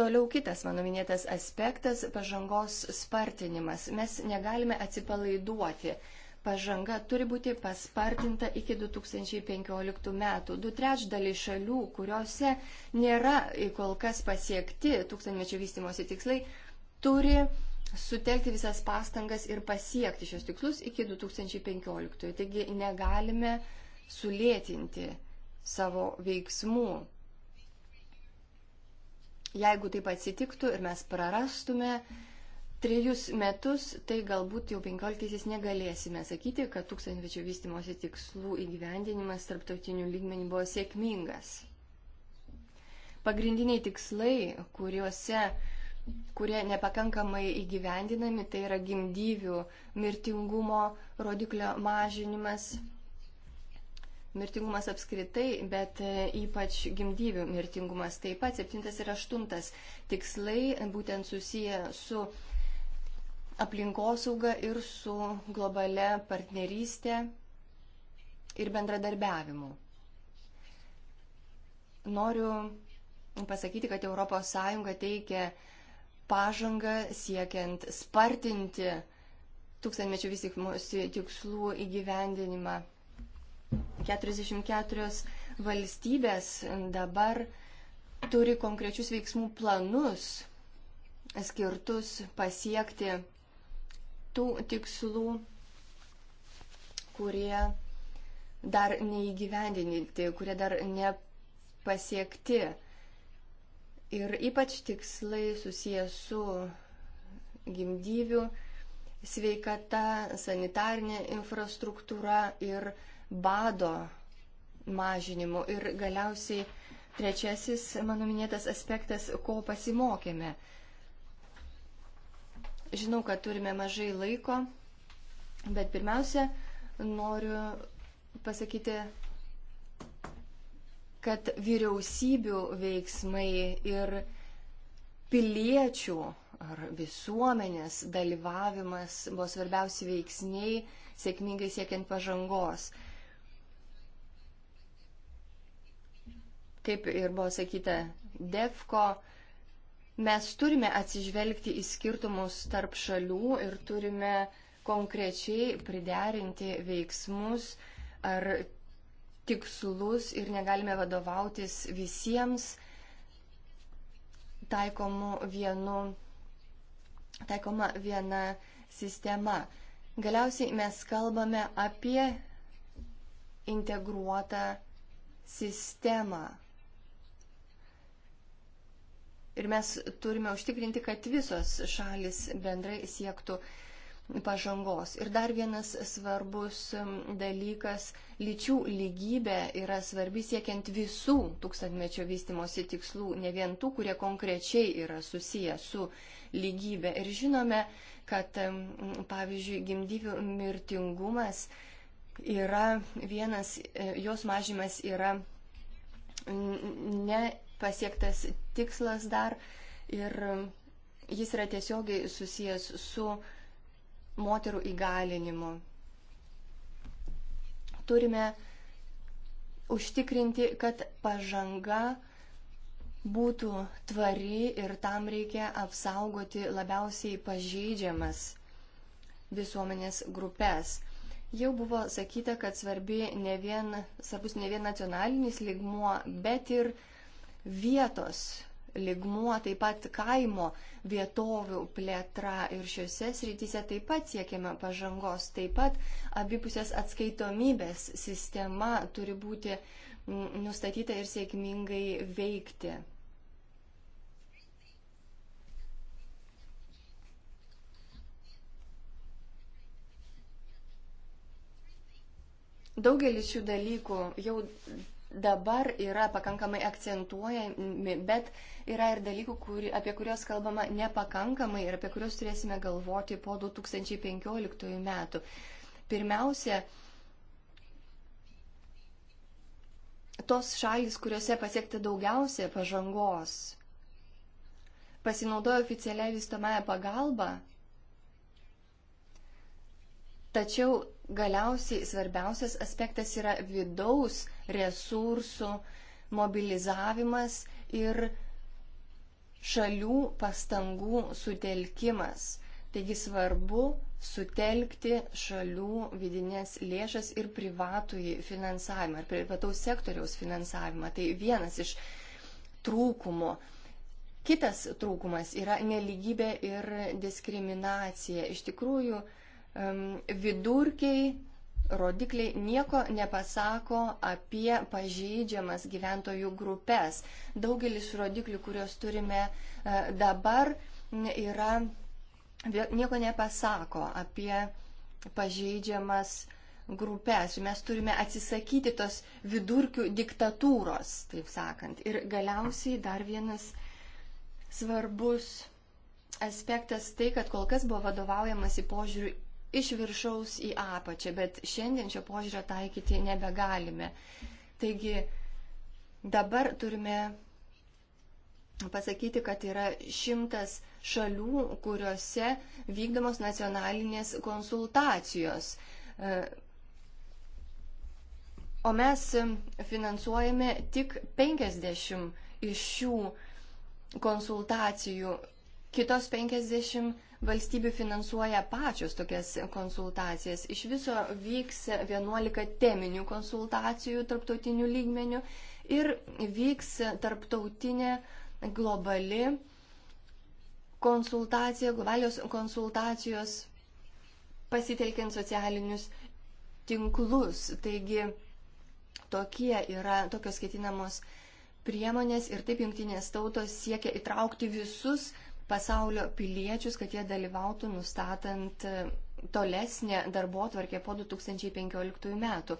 Toliau kitas mano minėtas aspektas - pažangos spartinimas. Mes negalime atsipalaiduoti pažanga turi būti paspartinta iki 2015 metų. Du trečdaliai šalių, kuriuose nėra kol kas pasiekti tūkstantmečio vystimosi tikslai, turi sutelkti visas pastangas ir pasiekti šios tikslus iki 2015. Taigi negalime sulėtinti savo veiksmų. Jeigu taip atsitiktų ir mes prarastume, mm trejus metus, tai galbūt jau penkioliktaisiais negalėsime sakyti, kad tūkstantmečio vystimosi tikslų įgyvendinimas tarptautinių lygmenį buvo sėkmingas. Pagrindiniai tikslai, kuriuose, kurie nepakankamai įgyvendinami, tai yra gimdyvių mirtingumo rodiklio mažinimas, mirtingumas apskritai, bet e, ypač gimdyvių mirtingumas. Taip pat septintas ir aštuntas tikslai būtent susiję su aplinkosauga ir su globale partnerystė ir bendradarbiavimu. Noriu pasakyti, kad ES teikia pažangą siekiant spartinti tūkstantmečio vystimosi tikslų įgyvendinimą. 44 valstybės dabar turi konkrečius veiksmų planus skirtus pasiekti tų tikslų, kurie dar neįgyvendinti, kurie dar nepasiekti. Ir ypač tikslai susijęs su gimdyvių sveikata, sanitarinė infrastruktūra ir bado mažinimu. Ir galiausiai trečiasis mano minėtas aspektas, ko pasimokėme Žinau, kad turime mažai laiko, bet pirmiausia, noriu pasakyti, kad vyriausybių veiksmai ir piliečių ar visuomenės dalyvavimas buvo svarbiausi veiksniai sėkmingai siekiant pažangos. Kaip ir buvo sakyta, DEFCO Mes turime atsižvelgti į skirtumus tarp šalių ir turime konkrečiai priderinti veiksmus ar tikslus ir negalime vadovautis visiems taikomu vienu, taikoma viena sistema. Galiausiai mes kalbame apie integruotą sistemą Ir mes turime užtikrinti, kad visos šalis bendrai siektų pažangos. Ir dar vienas svarbus dalykas - lyčių lygybė yra svarbi siekiant visų tūkstantmečio vystimosi tikslų, ne vien tų, kurie konkrečiai yra susiję su lygybė. Ir žinome, kad pavyzdžiui gimdyvių mirtingumas yra vienas, e, jos mažymas yra ne pasiektas tikslas dar ir jis yra tiesiogiai susijęs su moterų įgalinimu. Turime užtikrinti, kad pažanga būtų tvari ir tam reikia apsaugoti labiausiai pažeidžiamas visuomenės grupės. Jau buvo sakyta, kad svarbi ne vien, svarbus ne vien nacionalinis ligmuo, bet ir vietos ligmuo, taip pat kaimo vietovių plėtra ir šiuose srityse taip pat siekiame pažangos. Taip pat abipusės atskaitomybės sistema turi būti nustatyta ir sėkmingai veikti. Daugelis šių dalykų jau dabar yra pakankamai akcentuojami, bet yra ir dalykų, kuri, apie kuriuos kalbama nepakankamai ir apie kuriuos turėsime galvoti po 2015 metų. Pirmiausia, tos šalis, kuriuose pasiekti daugiausia pažangos, pasinaudojo oficialiai vystomąją pagalbą, tačiau galiausiai svarbiausias aspektas yra vidaus resursų mobilizavimas ir šalių pastangų sutelkimas. Taigi svarbu sutelkti šalių vidinės lėšas ir privatųjį finansavimą, ar privataus sektoriaus finansavimą. Tai vienas iš trūkumų. Kitas trūkumas yra neligybė ir diskriminacija. Iš tikrųjų, vidurkiai, rodikliai nieko nepasako apie pažeidžiamas gyventojų grupės. Daugelis rodiklių, kuriuos turime e, dabar, yra, nieko nepasako apie pažeidžiamas grupės. Mes turime atsisakyti tos vidurkių diktatūros, taip sakant. Ir galiausiai dar vienas svarbus aspektas tai, kad kol kas buvo vadovaujamasi požiūriu iš viršaus į apačią, bet šiandien šio požiūrio taikyti nebegalime. Taigi dabar turime pasakyti, kad yra šimtas šalių, kuriuose vykdomos nacionalinės konsultacijos. E, o mes finansuojame tik 50 iš šių konsultacijų, kitos 50 valstybių finansuoja pačios tokias konsultacijas. Iš viso vyks 11 teminių konsultacijų tarptautinių lygmenių ir vyks tarptautinė globali konsultacija, globalios konsultacijos pasitelkiant socialinius tinklus. Taigi tokie yra, tokios ketinamos priemonės ir taip jungtinės tautos siekia įtraukti visus pasaulio piliečius, kad jie dalyvautų nustatant e, tolesnė darbo tvarkė po 2015 metų.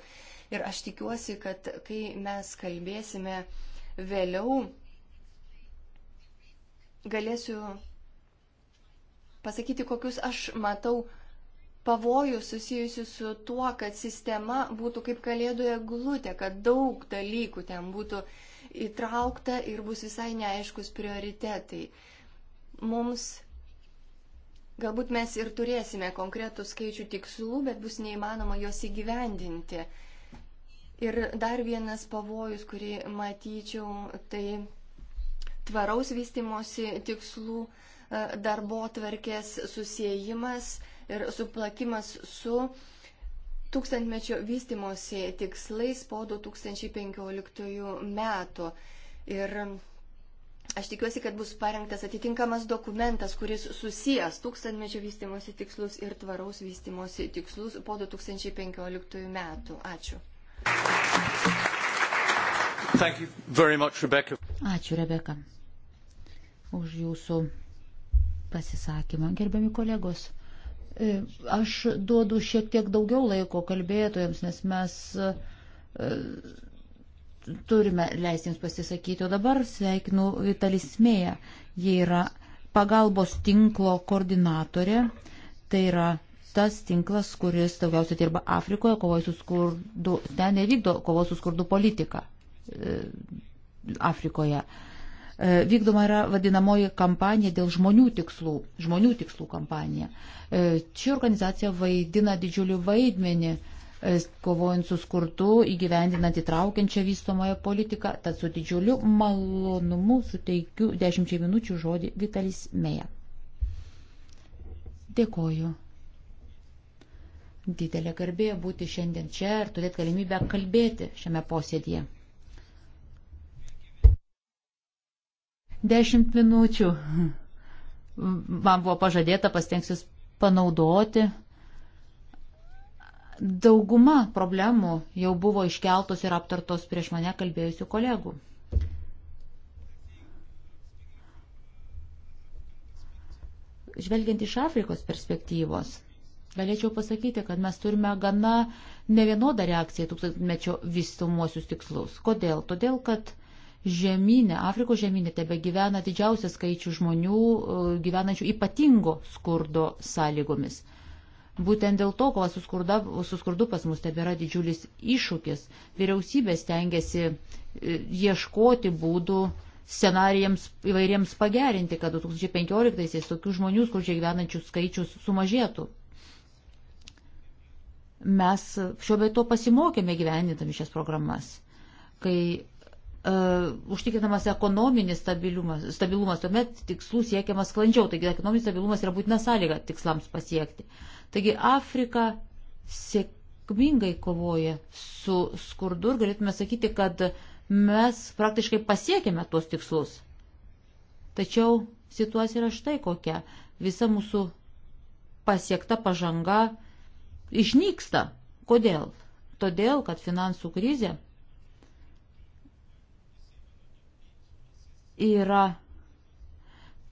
Ir aš tikiuosi, kad kai mes kalbėsime vėliau, galėsiu pasakyti, kokius aš matau pavojus susijusius su tuo, kad sistema būtų kaip kalėdoje glūtė, kad daug dalykų ten būtų įtraukta ir bus visai neaiškus prioritetai. Uh, mums galbūt mes ir turėsime konkretų skaičių tikslų, bet bus neįmanoma juos įgyvendinti. Ir dar vienas pavojus, kurį matyčiau, tai tvaraus vystimosi tikslų e, darbo tvarkės susijimas ir suplakimas su tūkstantmečio vystimosi tikslais po 2015 metų. Ir Aš tikiuosi, kad bus parengtas atitinkamas dokumentas, kuris susijęs tūkstantmečio vystimosi tikslus ir tvaraus vystimosi tikslus po 2015 metų. Ačiū. Much, Rebecca. Ačiū, Rebeka, už jūsų pasisakymą. Gerbiami kolegos, e, aš duodu šiek tiek daugiau laiko kalbėtojams, nes mes e, turime leisti jums pasisakyti. O dabar sveikinu Vitalismėją. Ji yra pagalbos tinklo koordinatorė. Tai yra tas tinklas, kuris daugiausiai dirba Afrikoje, kovoja su skurdu, ten nevykdo kovos su skurdu politiką e, Afrikoje. E, vykdoma yra vadinamoji kampanija dėl žmonių tikslų, žmonių tikslų kampanija. E, ši organizacija vaidina didžiulį vaidmenį e, E, kovojant su skurtu, įgyvendinant įtraukiančią vystomąją politiką. Tad su didžiuliu malonumu suteikiu dešimčiai minučių žodį Vitalis Meja. Dėkoju. Didelė garbė būti šiandien čia ir turėti galimybę kalbėti šiame posėdėje. Dešimt minučių. Man buvo pažadėta, pastengsiu panaudoti Dauguma problemų jau buvo iškeltos ir aptartos prieš mane kalbėjusių kolegų. Žvelgiant iš Afrikos perspektyvos, galėčiau pasakyti, kad mes turime gana nevienodą reakciją tūkstantmečio vystumuosius tikslus. Kodėl? Todėl, kad žemynė, Afrikos žemynė tebe gyvena didžiausias skaičius žmonių e, gyvenančių ypatingo skurdo sąlygomis. Būtent dėl to kova su, skurda, su skurdu pas mus tebėra didžiulis iššūkis. Vyriausybės tengiasi e, ieškoti būdų scenarijams įvairiems pagerinti, kad 2015-aisiais tokių žmonių skurdžiai gyvenančių skaičius sumažėtų. Mes šiuo metu pasimokėme gyvenintami šias programas, kai uh, užtikrinamas ekonominis stabilumas, stabilumas, tuomet tikslų siekiamas sklandžiau, taigi ekonominis stabilumas yra būtina sąlyga tikslams pasiekti. Uh, Taigi Afrika sėkmingai kovoja su skurdu ir galėtume sakyti, kad mes praktiškai pasiekėme tuos tikslus. Tačiau situacija yra štai kokia. Visa mūsų pasiekta pažanga išnyksta. Kodėl? Todėl, kad finansų krizė yra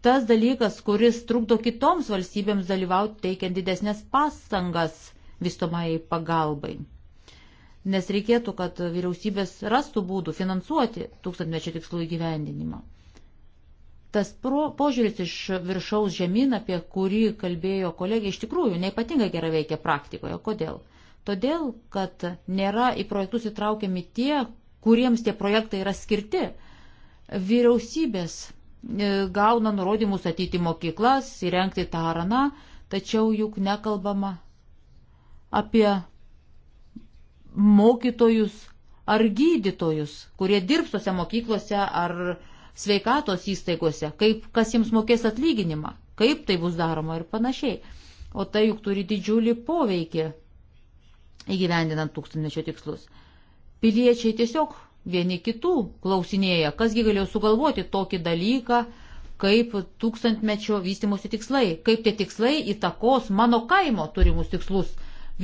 tas dalykas, kuris trukdo kitoms valstybėms dalyvauti teikiant didesnės pastangas vystomai pagalbai. Nes reikėtų, kad vyriausybės rastų būdų finansuoti tūkstantmečio tikslų įgyvendinimą. Tas pro, požiūris iš viršaus žemyn, apie kurį kalbėjo kolegė, iš tikrųjų neipatingai gerai veikia praktikoje. Kodėl? Todėl, kad nėra į projektus įtraukiami tie, kuriems tie projektai yra skirti. Vyriausybės E, gauna nurodymus ateiti mokyklas, įrengti taraną, tačiau juk nekalbama apie mokytojus ar gydytojus, kurie dirbs tose mokyklose ar sveikatos įstaigose, kaip kas jiems mokės atlyginimą, kaip tai bus daroma ir panašiai. O tai juk turi didžiulį poveikį įgyvendinant tūkstantmečio tikslus. Piliečiai tiesiog vieni kitų klausinėja, kasgi galėjo sugalvoti tokį dalyką, kaip tūkstantmečio vystimosi tikslai, kaip tie tikslai įtakos mano kaimo turimus tikslus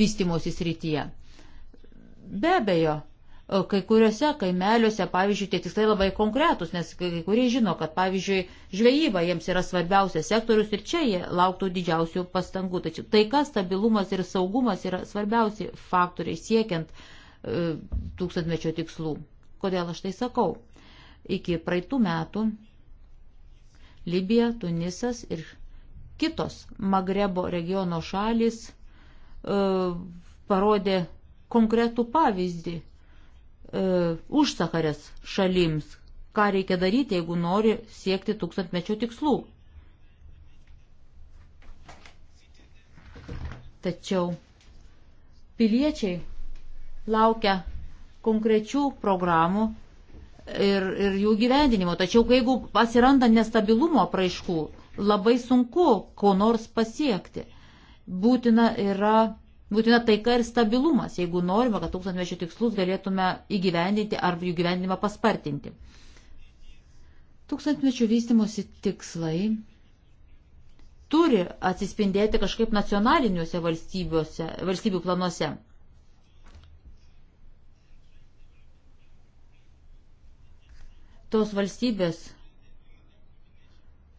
vystimosi srityje. Be abejo, kai kuriuose kaimeliuose, pavyzdžiui, tie tikslai labai konkretūs, nes kai kurie žino, kad, pavyzdžiui, žvejyba jiems yra svarbiausias sektorius ir čia jie lauktų didžiausių pastangų. Tačiau taika, stabilumas ir saugumas yra svarbiausi faktoriai siekiant e, tūkstantmečio tikslų. Kodėl aš tai sakau? Iki praeitų metų Libija, Tunisas ir kitos Magrebo regiono šalis e, parodė konkretų pavyzdį e, už Sakarės šalims, ką reikia daryti, jeigu nori siekti tūkstantmečio tikslų. Tačiau piliečiai laukia konkrečių programų ir, ir jų gyvendinimo. Tačiau jeigu atsiranda nestabilumo praaiškų, labai sunku ko nors pasiekti. Būtina yra. Būtina taika ir stabilumas, jeigu norime, kad tūkstantmečio tikslus galėtume įgyvendinti ar jų gyvendinimą paspartinti. Tūkstantmečių vystimosi tikslai turi atsispindėti kažkaip nacionaliniuose valstybių planuose. Tos valstybės,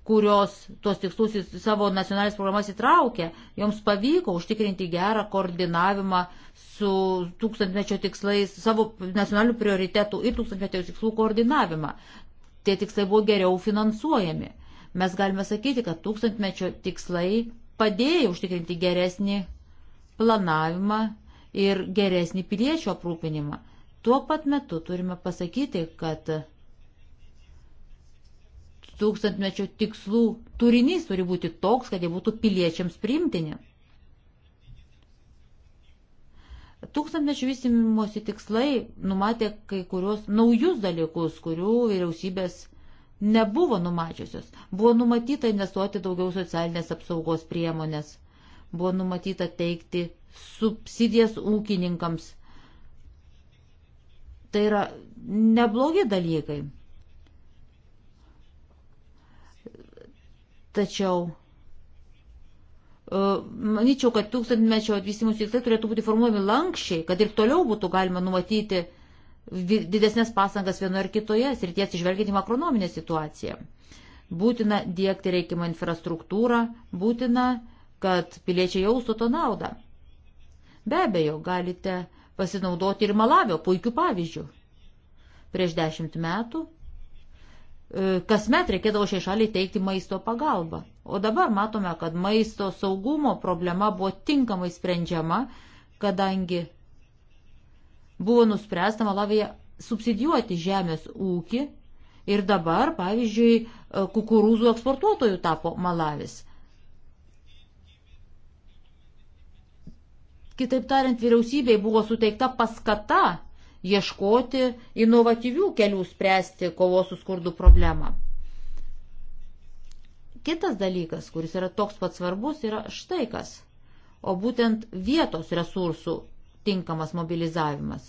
kurios tos tikslus į savo nacionalinės programas įtraukė, joms pavyko užtikrinti gerą koordinavimą su tūkstantmečio tikslais, savo nacionalinių prioritetų ir tūkstantmečio tikslų koordinavimą. Tie tikslai buvo geriau finansuojami. Mes galime sakyti, kad tūkstantmečio tikslai padėjo užtikrinti geresnį planavimą ir geresnį piliečių aprūpinimą. Tuo pat metu turime pasakyti, kad tūkstantmečio tikslų turinys turi būti toks, kad jie būtų piliečiams priimtini. Tūkstantmečio vystimosi tikslai numatė kai kurios naujus dalykus, kurių vyriausybės nebuvo numačiusios. Buvo numatyta investuoti daugiau socialinės apsaugos priemonės, buvo numatyta teikti subsidijas ūkininkams. Tai yra neblogi dalykai. Tačiau e, manyčiau, kad tūkstantmečio atvystymus tikslai turėtų būti formuojami lankščiai, kad ir toliau būtų galima numatyti didesnės pasangas vienoje ar kitoje srityje atsižvelgiant į makronominę situaciją. Būtina dėkti reikimą infrastruktūrą, būtina, kad piliečiai jaustų to naudą. Be abejo, galite pasinaudoti ir Malavio puikių pavyzdžių. Prieš dešimt metų E, kasmet reikėdavo šiai šaliai teikti maisto pagalbą. O dabar matome, kad maisto saugumo problema buvo tinkamai sprendžiama, kadangi buvo nuspręsta Malavija subsidijuoti žemės ūkį ir dabar, pavyzdžiui, e, kukurūzų eksportuotojų tapo Malavis. Kitaip tariant, vyriausybei buvo suteikta paskata ieškoti inovatyvių kelių spręsti kovos su skurdu problemą. Kitas dalykas, kuris yra toks pat svarbus, yra štai kas, o būtent vietos resursų tinkamas mobilizavimas.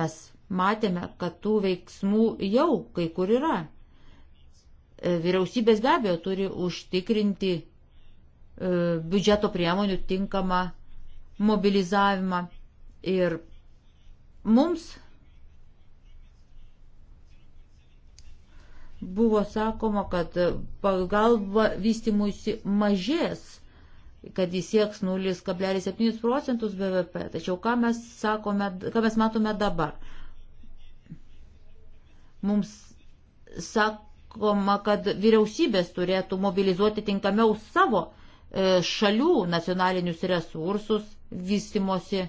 Mes matėme, kad tų veiksmų jau kai kur yra. E, vyriausybės be abejo turi užtikrinti e, biudžeto priemonių tinkamą mobilizavimą ir mums buvo sakoma, kad pagalba vystimuisi mažės, kad jis sieks 0,7 procentus BVP. Tačiau ką mes, sakome, ką mes matome dabar? Mums sakoma, kad vyriausybės turėtų mobilizuoti tinkamiau savo E, šalių nacionalinius resursus vystimosi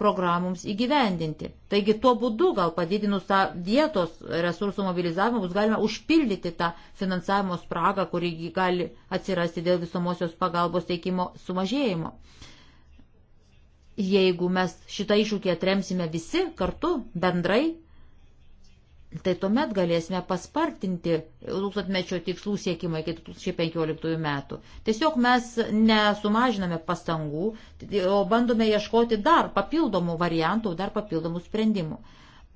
programoms įgyvendinti. Taigi tuo būdu, gal padidinus tą vietos resursų mobilizavimą, bus galima užpildyti tą finansavimo spragą, kuri gali atsirasti dėl visomosios pagalbos teikimo sumažėjimo. Jeigu mes šitą iššūkį atremsime visi kartu, bendrai, tai tuomet galėsime paspartinti tūkstantmečio tikslų siekimą iki 2015 metų. Tiesiog mes nesumažiname pastangų, o bandome ieškoti dar papildomų variantų, dar papildomų sprendimų.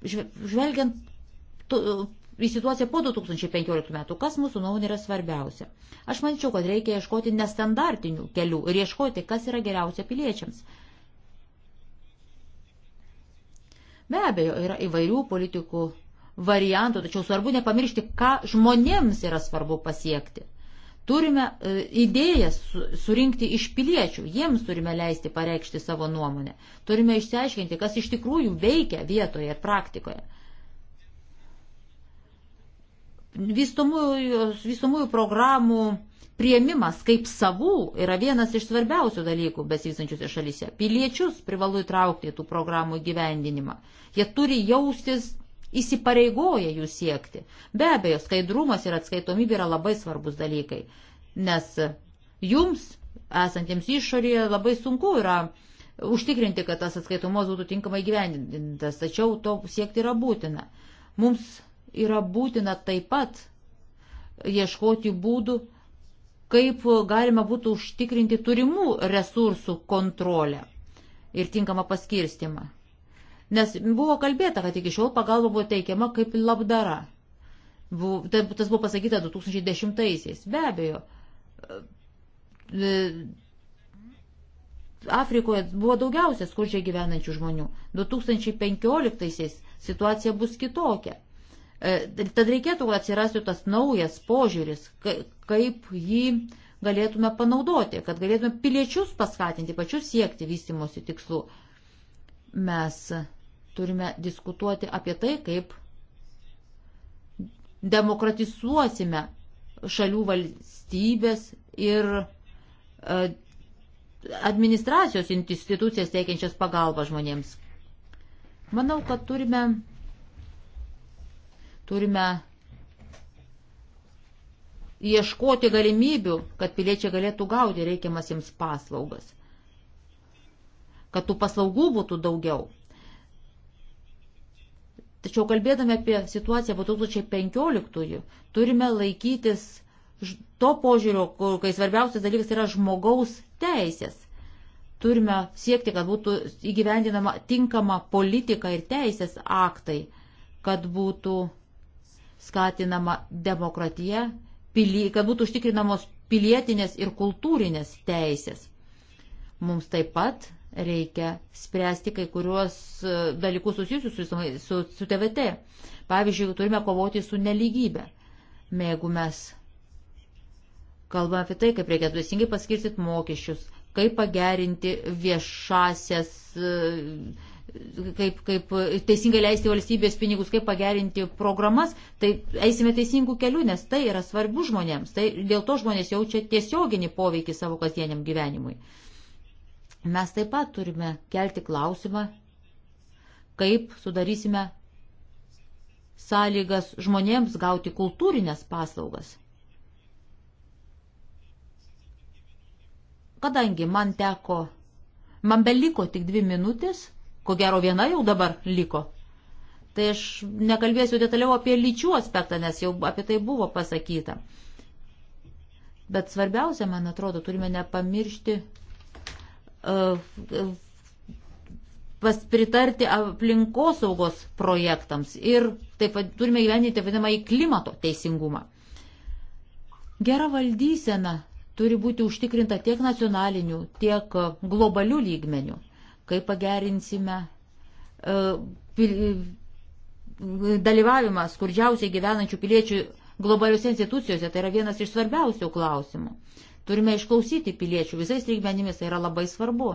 Žvelgiant į situaciją po 2015 metų, kas mūsų nuomonė yra svarbiausia? Aš manyčiau, kad reikia ieškoti nestandartinių kelių ir ieškoti, kas yra geriausia piliečiams. Be abejo, yra įvairių politikų variantų, tačiau svarbu nepamiršti, ką žmonėms yra svarbu pasiekti. Turime e, idėjas surinkti iš piliečių, jiems turime leisti pareikšti savo nuomonę, turime išsiaiškinti, kas iš tikrųjų veikia vietoje ir praktikoje. Vystomųjų, vystomųjų programų prieimimas kaip savų yra vienas iš svarbiausių dalykų besivysančiuose šalyse. Piliečius privalu įtraukti į tų programų gyvendinimą. Jie turi jaustis įsipareigoja jų siekti. Be abejo, skaidrumas ir atskaitomybė yra labai svarbus dalykai, nes jums, esantiems išorėje, labai sunku yra užtikrinti, kad tas atskaitomas būtų tinkamai gyvendintas, tačiau to siekti yra būtina. Mums yra būtina taip pat ieškoti būdų, kaip galima būtų užtikrinti turimų resursų kontrolę ir tinkamą paskirstimą. Nes buvo kalbėta, kad iki šiol pagalba buvo teikiama kaip labdara. Buvo, tai, tas buvo pasakyta 2010-aisiais. Be abejo, e, Afrikoje buvo daugiausia skurdžiai gyvenančių žmonių. 2015-aisiais situacija bus kitokia. E, tad reikėtų atsirasti tas naujas požiūris, kaip jį galėtume panaudoti, kad galėtume piliečius paskatinti, pačius siekti vystimosi tikslų. Mes Turime diskutuoti apie tai, kaip demokratizuosime šalių valstybės ir e, administracijos institucijas teikiančias pagalbą žmonėms. Manau, kad turime, turime ieškoti galimybių, kad piliečiai galėtų gauti reikiamas jiems paslaugas, kad tų paslaugų būtų daugiau. Tačiau kalbėdami apie situaciją po 2015-ųjų, turime laikytis to požiūrio, kur, kai svarbiausias dalykas yra žmogaus teisės. Turime siekti, kad būtų įgyvendinama tinkama politika ir teisės aktai, kad būtų skatinama demokratija, pili, kad būtų užtikrinamos pilietinės ir kultūrinės teisės. Mums taip pat reikia spręsti kai kuriuos e, dalykus susijusius su, su, su TVT. Pavyzdžiui, turime kovoti su neligybė. Jeigu mes kalbame apie tai, kaip reikia teisingai paskirstyti mokesčius, kaip pagerinti viešasias, e, kaip, kaip teisingai leisti valstybės pinigus, kaip pagerinti programas, tai eisime teisingų kelių, nes tai yra svarbu žmonėms. Tai dėl to žmonės jaučia tiesioginį poveikį savo kasdieniam gyvenimui. Uh, Mes taip pat turime kelti klausimą, kaip sudarysime sąlygas žmonėms gauti kultūrinės paslaugas. Kadangi man teko, man beliko tik dvi minutės, ko gero viena jau dabar liko, tai aš nekalbėsiu detaliau apie lyčių aspektą, nes jau apie tai buvo pasakyta. Bet svarbiausia, man atrodo, turime nepamiršti pritarti aplinkosaugos projektams ir taip pat turime gyveninti vadinamąjį klimato teisingumą. Gera valdysena turi būti užtikrinta tiek nacionaliniu, tiek globaliu lygmeniu, kai pagerinsime e, dalyvavimą skurdžiausiai gyvenančių piliečių globaliuose institucijose. Tai yra vienas iš svarbiausių klausimų. Turime išklausyti piliečių visais lygmenimis, tai yra labai svarbu.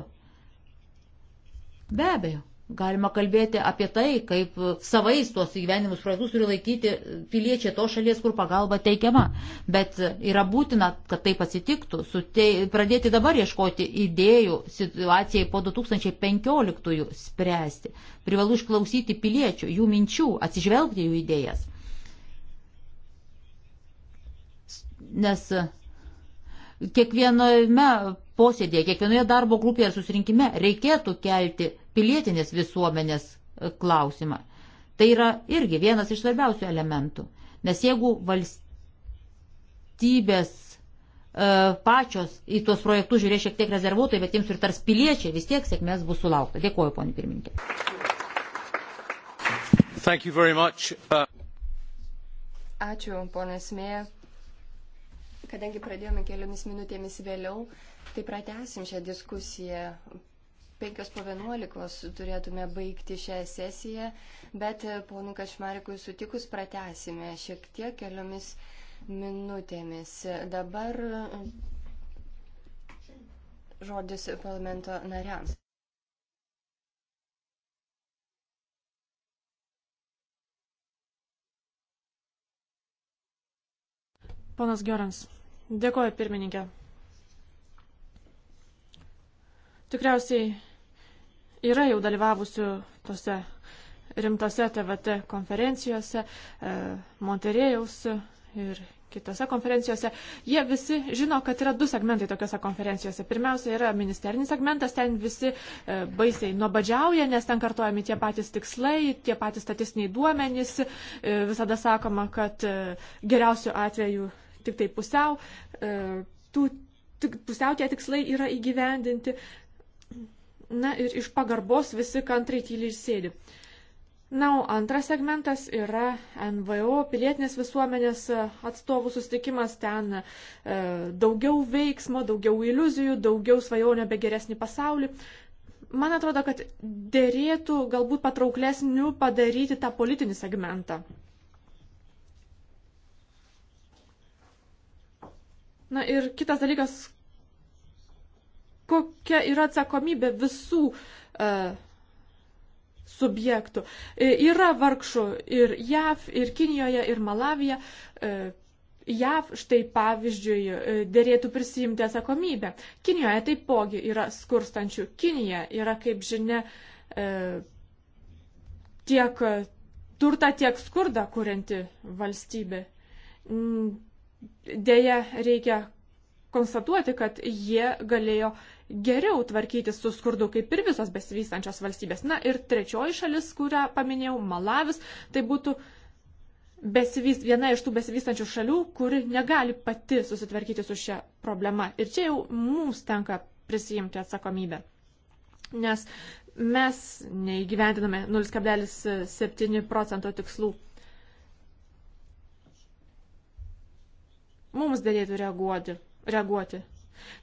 Be abejo, galima kalbėti apie tai, kaip savais tuos įgyvenimus projektus turi laikyti piliečiai to šalies, kur pagalba teikiama. Bet yra būtina, kad taip atsitiktų, sutei, pradėti dabar ieškoti idėjų situacijai po 2015-ųjų spręsti. Privalu išklausyti piliečių, jų minčių, atsižvelgti jų idėjas. Nes kiekviename posėdėje, kiekvienoje darbo grupėje ar susirinkime reikėtų kelti pilietinės visuomenės e, klausimą. Tai yra irgi vienas iš svarbiausių elementų. Nes jeigu valstybės e, pačios į tuos projektus žiūrės šiek tiek rezervuotai, bet jiems ir tars piliečiai, vis tiek sėkmės bus sulaukta. Dėkuoju, ponė pirmininkė. Uh... Ačiū, ponė Smėja. Kadangi pradėjome keliomis minutėmis vėliau, tai pratesim šią diskusiją. 5 po 11 turėtume baigti šią sesiją, bet e, ponui Kašmarikui sutikus pratesime šiek tiek keliomis minutėmis. Dabar e, žodis parlamento nariams. Ponas Gerans. Dėkoju, pirmininkė. Tikriausiai yra jau dalyvavusių tose rimtose TVT konferencijose, e, Monterėjaus ir kitose konferencijose. Jie visi žino, kad yra du segmentai tokiuose konferencijose. Pirmiausia yra ministerinis segmentas, ten visi e, baisiai nuobadžiauja, nes ten kartojami tie patys tikslai, tie patys statistiniai duomenys. E, visada sakoma, kad e, geriausių atveju tik tai pusiau, e, tų, tik, pusiau tie tikslai yra įgyvendinti. Na ir iš pagarbos visi kantrai tyliai sėdi. Na, o antras segmentas yra NVO, pilietinės visuomenės atstovų sustikimas. Ten e, daugiau veiksmo, daugiau iliuzijų, daugiau svajonių apie geresnį pasaulį. Man atrodo, kad dėrėtų galbūt patrauklesnių padaryti tą politinį segmentą. Na ir kitas dalykas, kokia yra atsakomybė visų e, subjektų. E, yra vargšų ir JAV, ir Kinijoje, ir Malavija. E, JAV štai pavyzdžiui e, dėrėtų prisijimti atsakomybę. Kinijoje taipogi yra skurstančių. Kinija yra, kaip žinia, e, tiek turtą, tiek skurdą kurianti valstybė. Deja, reikia konstatuoti, kad jie galėjo geriau tvarkytis su skurdu kaip ir visos besivystančios valstybės. Na ir trečioji šalis, kurią paminėjau, Malavis, tai būtų besivyst, viena iš tų besivystančių šalių, kuri negali pati susitvarkyti su šia problema. Ir čia jau mums tenka prisijimti atsakomybę. Nes mes neįgyvendiname 0,7 procento tikslų mums dėlėtų reaguoti. reaguoti.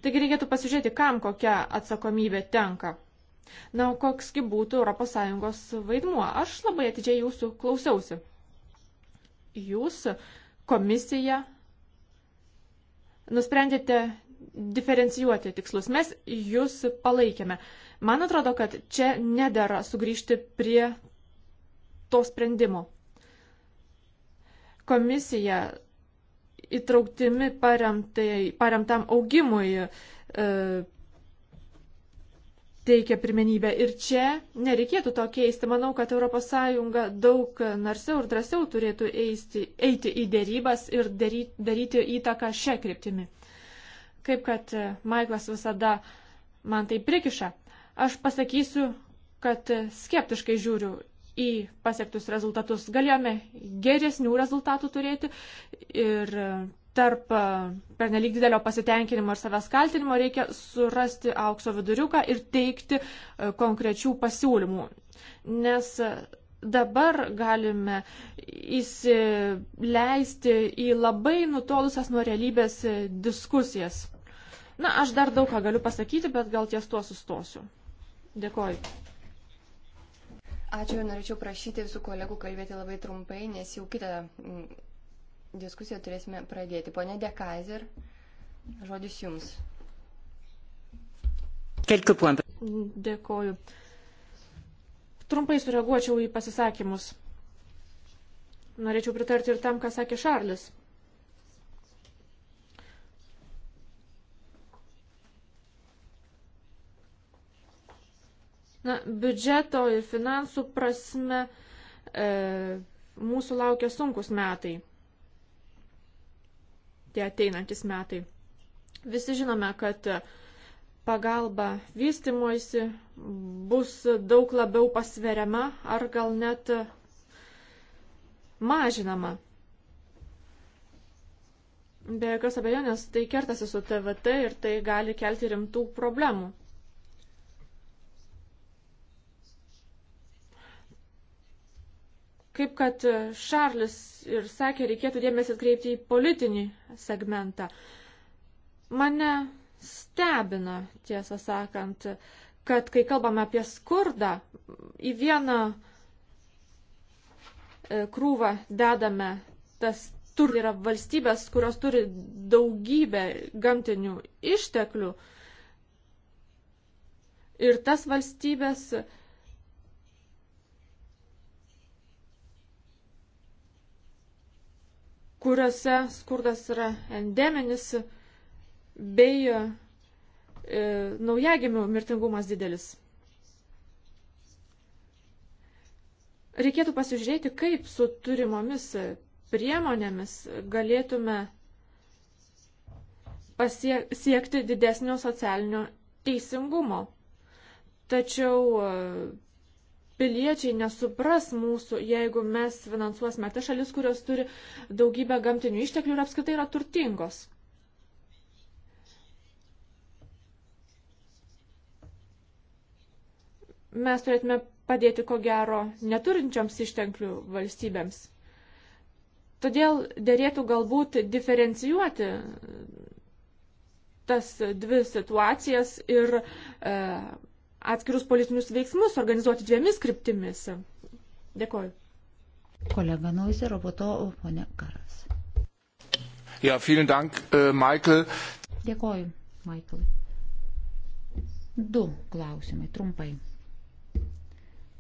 Taigi reikėtų pasižiūrėti, kam kokia atsakomybė tenka. Na, koksgi būtų ES vaidmuo. Aš labai atidžiai jūsų klausiausi. Jūs komisija nusprendėte diferencijuoti tikslus. Mes jūs palaikėme. Man atrodo, kad čia nedara sugrįžti prie to sprendimo. Komisija įtrauktimi paremtai, paremtam augimui e, teikia pirmenybę. Ir čia nereikėtų to keisti. Manau, kad ES daug narsiau ir drąsiau turėtų eisti, eiti į dėrybas ir daryti, daryti įtaką šią kryptimį. Kaip kad e, Maiklas visada man tai prikiša, aš pasakysiu, kad skeptiškai žiūriu į pasiektus rezultatus. Galėjome geresnių rezultatų turėti ir tarp e, pernelyg didelio pasitenkinimo ir savęs kaltinimo reikia surasti aukso viduriuką ir teikti e, konkrečių pasiūlymų. Nes e, dabar galime įsileisti į labai nutolusias nuo realybės diskusijas. Na, aš dar daug ką galiu pasakyti, bet gal ties tuo sustosiu. Dėkoju. Ačiū, norėčiau prašyti visų kolegų kalbėti labai trumpai, nes jau kitą mm, diskusiją turėsime pradėti. Pone Dekaiser, žodis jums. Dėkoju. Trumpai sureaguočiau į pasisakymus. Norėčiau pritarti ir tam, ką sakė Šarlis. Na, biudžeto ir finansų prasme e, mūsų laukia sunkus metai. Tie ateinantis metai. Visi žinome, kad pagalba vystimuisi bus daug labiau pasveriama ar gal net mažinama. Be jokios abejonės tai kertasi su TVT ir tai gali kelti rimtų problemų. Kaip kad e, Šarlis ir sakė, reikėtų dėmesį atkreipti į politinį segmentą. Mane stebina, tiesą sakant, kad kai kalbame apie skurdą, į vieną e, krūvą dedame tas tur yra valstybės, kurios turi daugybę gamtinių išteklių. Ir tas valstybės kuriuose skurdas yra endeminis bei e, naujagimių mirtingumas didelis. Reikėtų pasižiūrėti, kaip su turimomis priemonėmis galėtume pasiekti didesnio socialinio teisingumo. Tačiau e, piliečiai nesupras mūsų, jeigu mes finansuosime tas šalis, kurios turi daugybę gamtinių išteklių ir apskritai yra turtingos. Mes turėtume padėti ko gero neturinčioms išteklių valstybėms. Todėl dėrėtų galbūt diferencijuoti tas dvi situacijas ir e, atskirus politinius veiksmus organizuoti dviemis kryptimis. Dėkoju. Kolega Noizė, roboto ponė Karas. Ja, vielen Dank, äh, Michael. Dėkoju, Michael. Du klausimai, trumpai.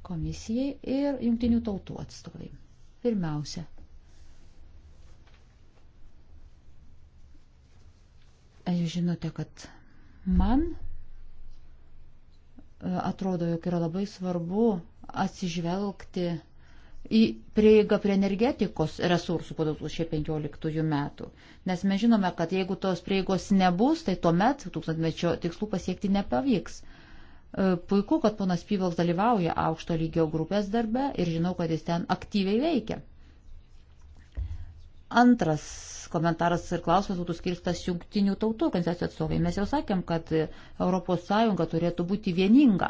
Komisijai ir jungtinių tautų atstovai. Pirmiausia. Jūs žinote, kad man atrodo, jog yra labai svarbu atsižvelgti į prieigą prie energetikos resursų po 2015 metų. Nes mes žinome, kad jeigu tos prieigos nebus, tai tuomet tūkstantmečio tikslų pasiekti nepavyks. E, puiku, kad ponas Pyvals dalyvauja aukšto lygio grupės darbe ir žinau, kad jis ten aktyviai veikia. Antras komentaras ir klausimas būtų skirtas jungtinių tautų organizacijų atstovai. Mes jau sakėm, kad ES turėtų būti vieninga.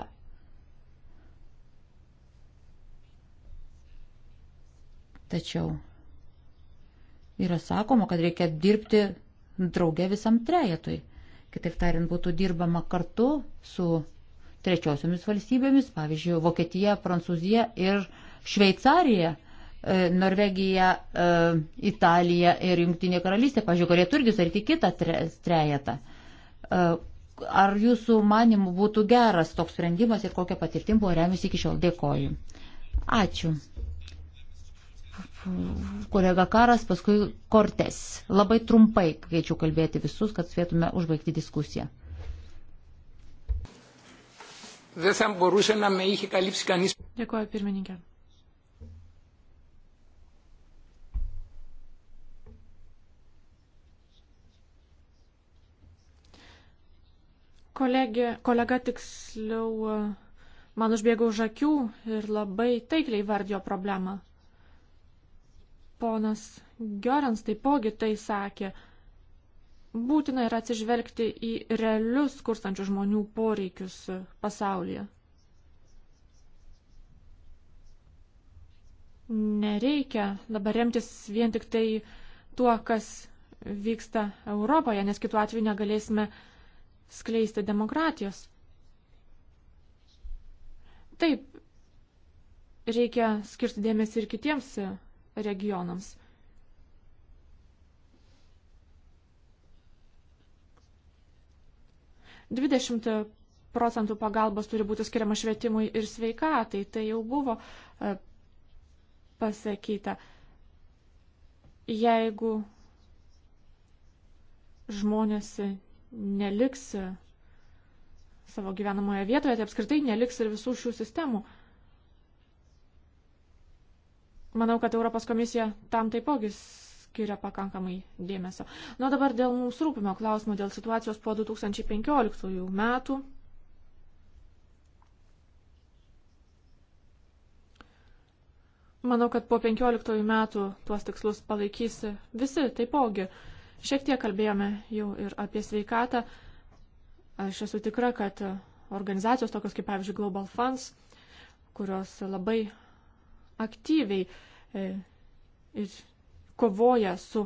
Tačiau yra sakoma, kad reikia dirbti drauge visam trejetui. Kitaip tariant, būtų dirbama kartu su trečiosiomis valstybėmis, pavyzdžiui, Vokietija, Prancūzija ir Šveicarija E, Norvegija, e, Italija ir Junktinė karalystė, pažiūrėjau, kurie turi sudaryti kitą trejetą. E, ar jūsų manimų būtų geras toks sprendimas ir kokią patirtim buvo remiasi iki šiol? Dėkoju. Ačiū. Kolega Karas, paskui Kortes. Labai trumpai kviečiu kalbėti visus, kad svėtume užbaigti diskusiją. Dėkoju, pirmininkė. Kolegė, kolega tiksliau e, man užbėgo už akių ir labai taikliai vardijo problemą. Ponas Gerans taipogi tai sakė. Būtina yra atsižvelgti į realius kurstančių žmonių poreikius pasaulyje. Nereikia dabar remtis vien tik tai tuo, kas vyksta Europoje, nes kitu atveju negalėsime uh, skleisti demokratijos. Taip, reikia skirti dėmesį ir kitiems regionams. Dvidešimt procentų pagalbos turi būti skiriama švietimui ir sveikatai, tai jau buvo e, pasakyta. Jeigu žmonės neliks savo gyvenamoje vietoje, tai apskritai neliks ir visų šių sistemų. Manau, kad Europos komisija tam taipogi skiria pakankamai dėmesio. Nu, dabar dėl mums rūpimo klausimo, dėl situacijos po 2015 metų. Manau, kad po 15 metų tuos tikslus palaikys visi taipogi. Uh, Šiek tiek kalbėjome jau ir apie sveikatą. Aš esu tikra, kad organizacijos tokios kaip, pavyzdžiui, Global Funds, kurios labai aktyviai e, ir kovoja su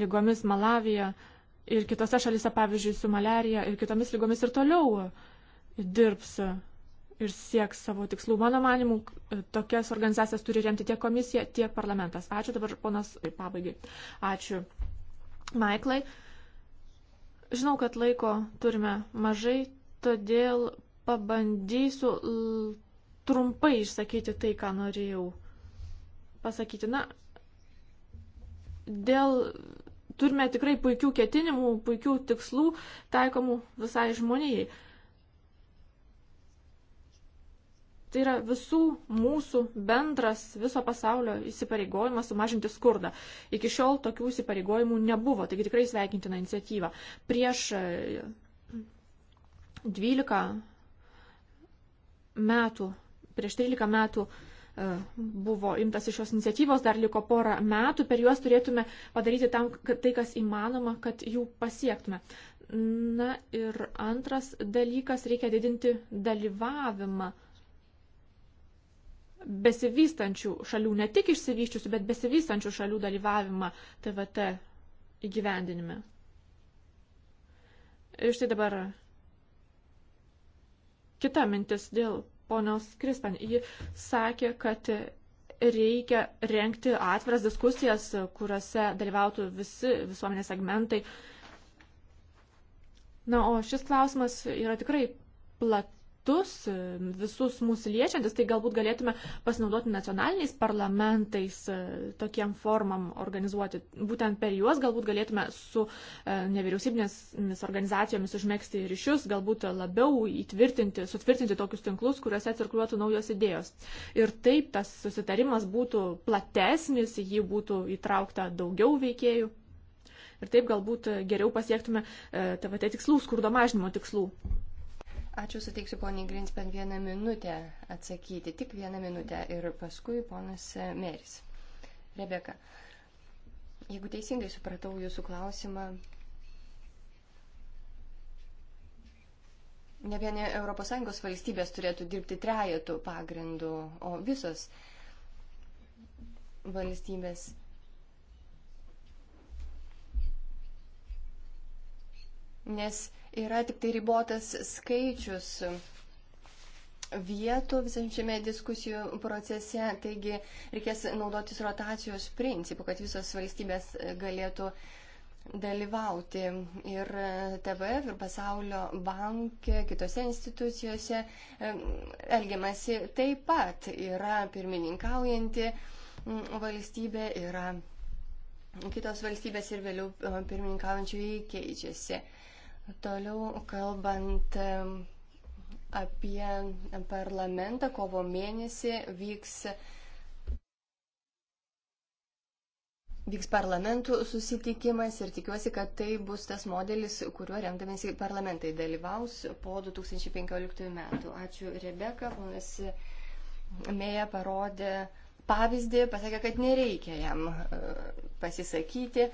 lygomis Malavija ir kitose šalise, pavyzdžiui, su malerija ir kitomis lygomis ir toliau dirbs ir sieks savo tikslų. Mano manimu, e, tokias organizacijas turi remti tiek komisija, tiek parlamentas. Ačiū dabar, ponas, pabaigai. Ačiū, Maiklai, žinau, kad laiko turime mažai, todėl pabandysiu trumpai išsakyti tai, ką norėjau pasakyti. Na, dėl turime tikrai puikių ketinimų, puikių tikslų taikomų visai žmonijai. Tai yra visų mūsų bendras viso pasaulio įsipareigojimas sumažinti skurdą. Iki šiol tokių įsipareigojimų nebuvo, taigi tikrai sveikintina iniciatyva. Prieš 12 e, metų, prieš 13 metų e, buvo imtas iš šios iniciatyvos, dar liko porą metų, per juos turėtume padaryti tam, kad tai, kas įmanoma, kad jų pasiektume. Na ir antras dalykas, reikia didinti dalyvavimą besivystančių šalių, ne tik išsivyščiusių, bet besivystančių šalių dalyvavimą TVT įgyvendinime. Ir štai dabar kita mintis dėl ponios Krispan. Ji sakė, kad reikia renkti atviras diskusijas, kuriuose dalyvautų visi visuomenės segmentai. Na, o šis klausimas yra tikrai platus aspektus, e, visus mūsų liečiantis, tai galbūt galėtume pasinaudoti nacionaliniais parlamentais e, tokiem formam organizuoti. Būtent per juos galbūt galėtume su e, nevyriausybinėmis organizacijomis užmėgsti ryšius, galbūt labiau įtvirtinti, sutvirtinti tokius tinklus, kuriuose cirkuliuotų naujos idėjos. Ir taip tas susitarimas būtų platesnis, jį būtų įtraukta daugiau veikėjų ir taip galbūt geriau pasiektume TVT tikslų, skurdo mažinimo tikslų. Ačiū, suteiksiu poniai Grinspen vieną minutę atsakyti, tik vieną minutę ir paskui ponas Meris. Rebeka, jeigu teisingai supratau jūsų klausimą, ne vieni ES valstybės turėtų dirbti trejetų pagrindų, o visos valstybės nes yra tik tai ribotas skaičius vietų visam šiame diskusijų procese, taigi reikės naudotis rotacijos principu, kad visos valstybės galėtų dalyvauti ir TVF, ir Pasaulio bankė, kitose institucijose elgiamasi taip pat. Yra pirmininkaujanti valstybė, yra kitos valstybės ir vėliau e, pirmininkaujančiai keičiasi. Toliau kalbant apie parlamentą, kovo mėnesį vyks, vyks parlamentų susitikimas ir tikiuosi, kad tai bus tas modelis, kuriuo remdamėsi parlamentai dalyvaus po 2015 metų. Ačiū Rebeka, ponas Mėja parodė pavyzdį, pasakė, kad nereikia jam e, pasisakyti.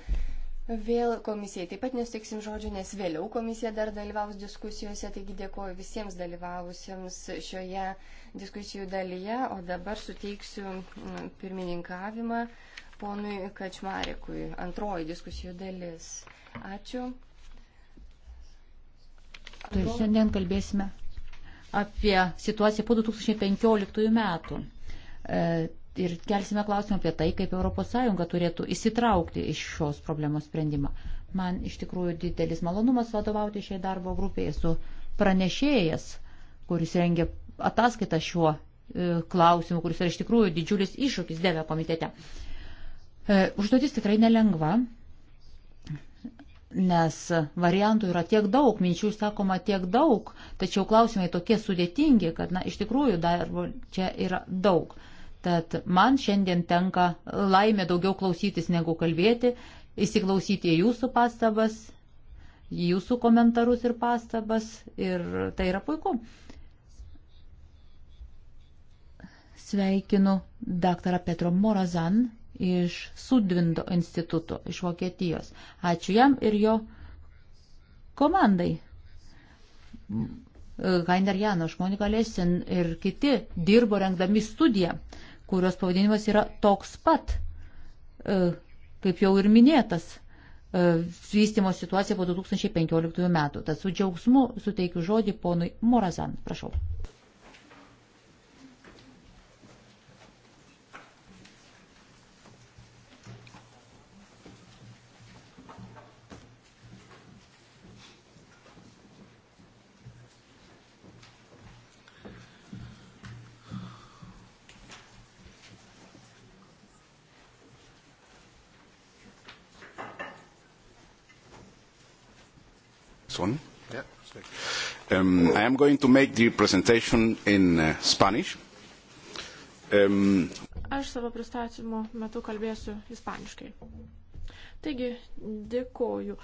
Vėl komisijai taip pat nesutiksim žodžių, nes vėliau komisija dar dalyvaus diskusijose, taigi dėkoju visiems dalyvavusiems šioje diskusijų dalyje, o dabar suteiksiu mm, pirmininkavimą ponui Kačmarekui, antroji diskusijų dalis. Ačiū. Tai šiandien kalbėsime apie situaciją po 2015 metų. E, ir kelsime klausimą apie tai, kaip ES turėtų įsitraukti iš šios problemos sprendimą. Man iš tikrųjų didelis malonumas vadovauti šiai darbo grupiai. Esu pranešėjas, kuris rengia ataskaitą šiuo e, klausimu, kuris yra iš tikrųjų didžiulis iššūkis Dėvė komitete. E, užduotis tikrai nelengva, nes variantų yra tiek daug, minčių sakoma tiek daug, tačiau klausimai tokie sudėtingi, kad, na, iš tikrųjų darbo čia yra daug. Tad man šiandien tenka laimė daugiau klausytis negu kalbėti, įsiklausyti į jūsų pastabas, į jūsų komentarus ir pastabas ir tai yra puiku. Sveikinu daktarą Petro Morazan iš Sudvindo instituto iš Vokietijos. Ačiū jam ir jo komandai. Kainer Janoš, Monika Lesin ir kiti dirbo rengdami studiją kurios pavadinimas yra toks pat, e, kaip jau ir minėtas, e, vystimo situacija po 2015 metų. Tad su džiaugsmu suteikiu žodį ponui Morazan. Prašau. this one. Yeah. Um, I am going to make the presentation in uh, Spanish. Um, Aš savo pristatymo metu kalbėsiu ispaniškai. Taigi, dėkoju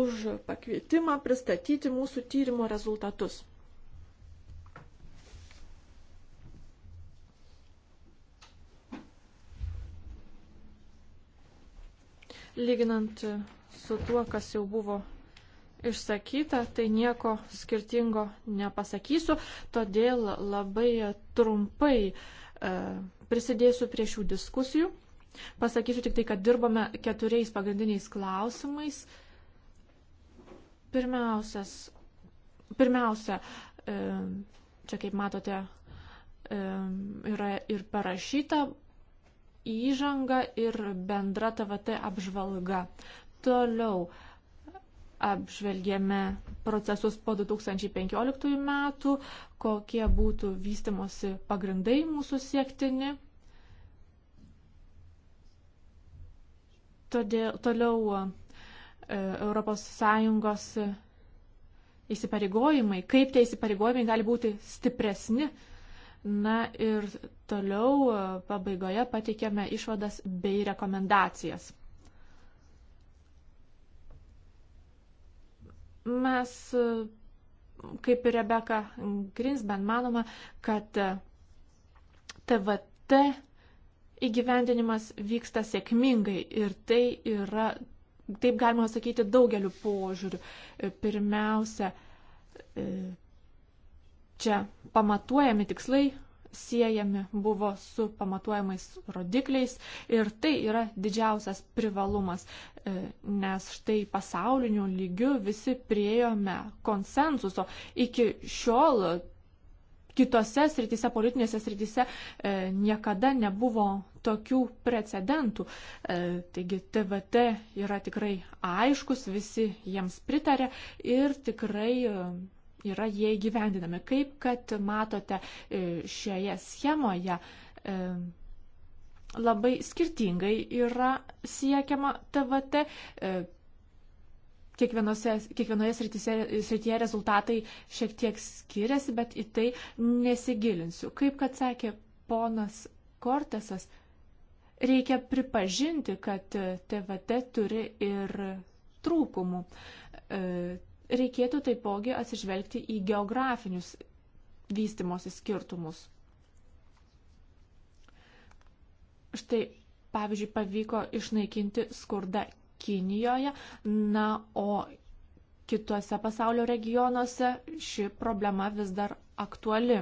už pakvietimą pristatyti mūsų tyrimo rezultatus. Lyginant su tuo, kas jau buvo išsakyta, tai nieko skirtingo nepasakysiu, todėl labai trumpai e, prisidėsiu prie šių diskusijų. Pasakysiu tik tai, kad dirbame keturiais pagrindiniais klausimais. Pirmiausias, pirmiausia, e, čia kaip matote, e, yra ir parašyta įžanga ir bendra TVT apžvalga. Toliau apžvelgėme procesus po 2015 metų, kokie būtų vystimosi pagrindai mūsų siektini. Todėl, toliau ES įsipareigojimai, kaip tie įsipareigojimai gali būti stipresni. Na ir toliau e, pabaigoje pateikėme išvadas bei rekomendacijas. Mes, kaip ir Rebeka Grinsben, manoma, kad TVT įgyvendinimas vyksta sėkmingai ir tai yra, taip galima sakyti, daugeliu požiūriu. Pirmiausia, e, čia pamatuojami tikslai, siejami buvo su pamatuojamais rodikliais ir tai yra didžiausias privalumas, e, nes štai pasauliniu lygiu visi priejome konsensuso. Iki šiol kitose srityse, politinėse srityse e, niekada nebuvo tokių precedentų. E, taigi TVT yra tikrai aiškus, visi jiems pritarė ir tikrai yra jie įgyvendinami. Kaip, kad matote e, šioje schemoje, e, labai skirtingai yra siekiama TVT. E, kiekvienoje srityje rezultatai šiek tiek skiriasi, bet į tai nesigilinsiu. Kaip kad sakė ponas Kortesas, reikia pripažinti, kad TVT turi ir trūkumų. Reikėtų taipogi atsižvelgti į geografinius vystimosi skirtumus. Štai, pavyzdžiui, pavyko išnaikinti skurdą Kinijoje, na, o kituose pasaulio regionuose ši problema vis dar aktuali.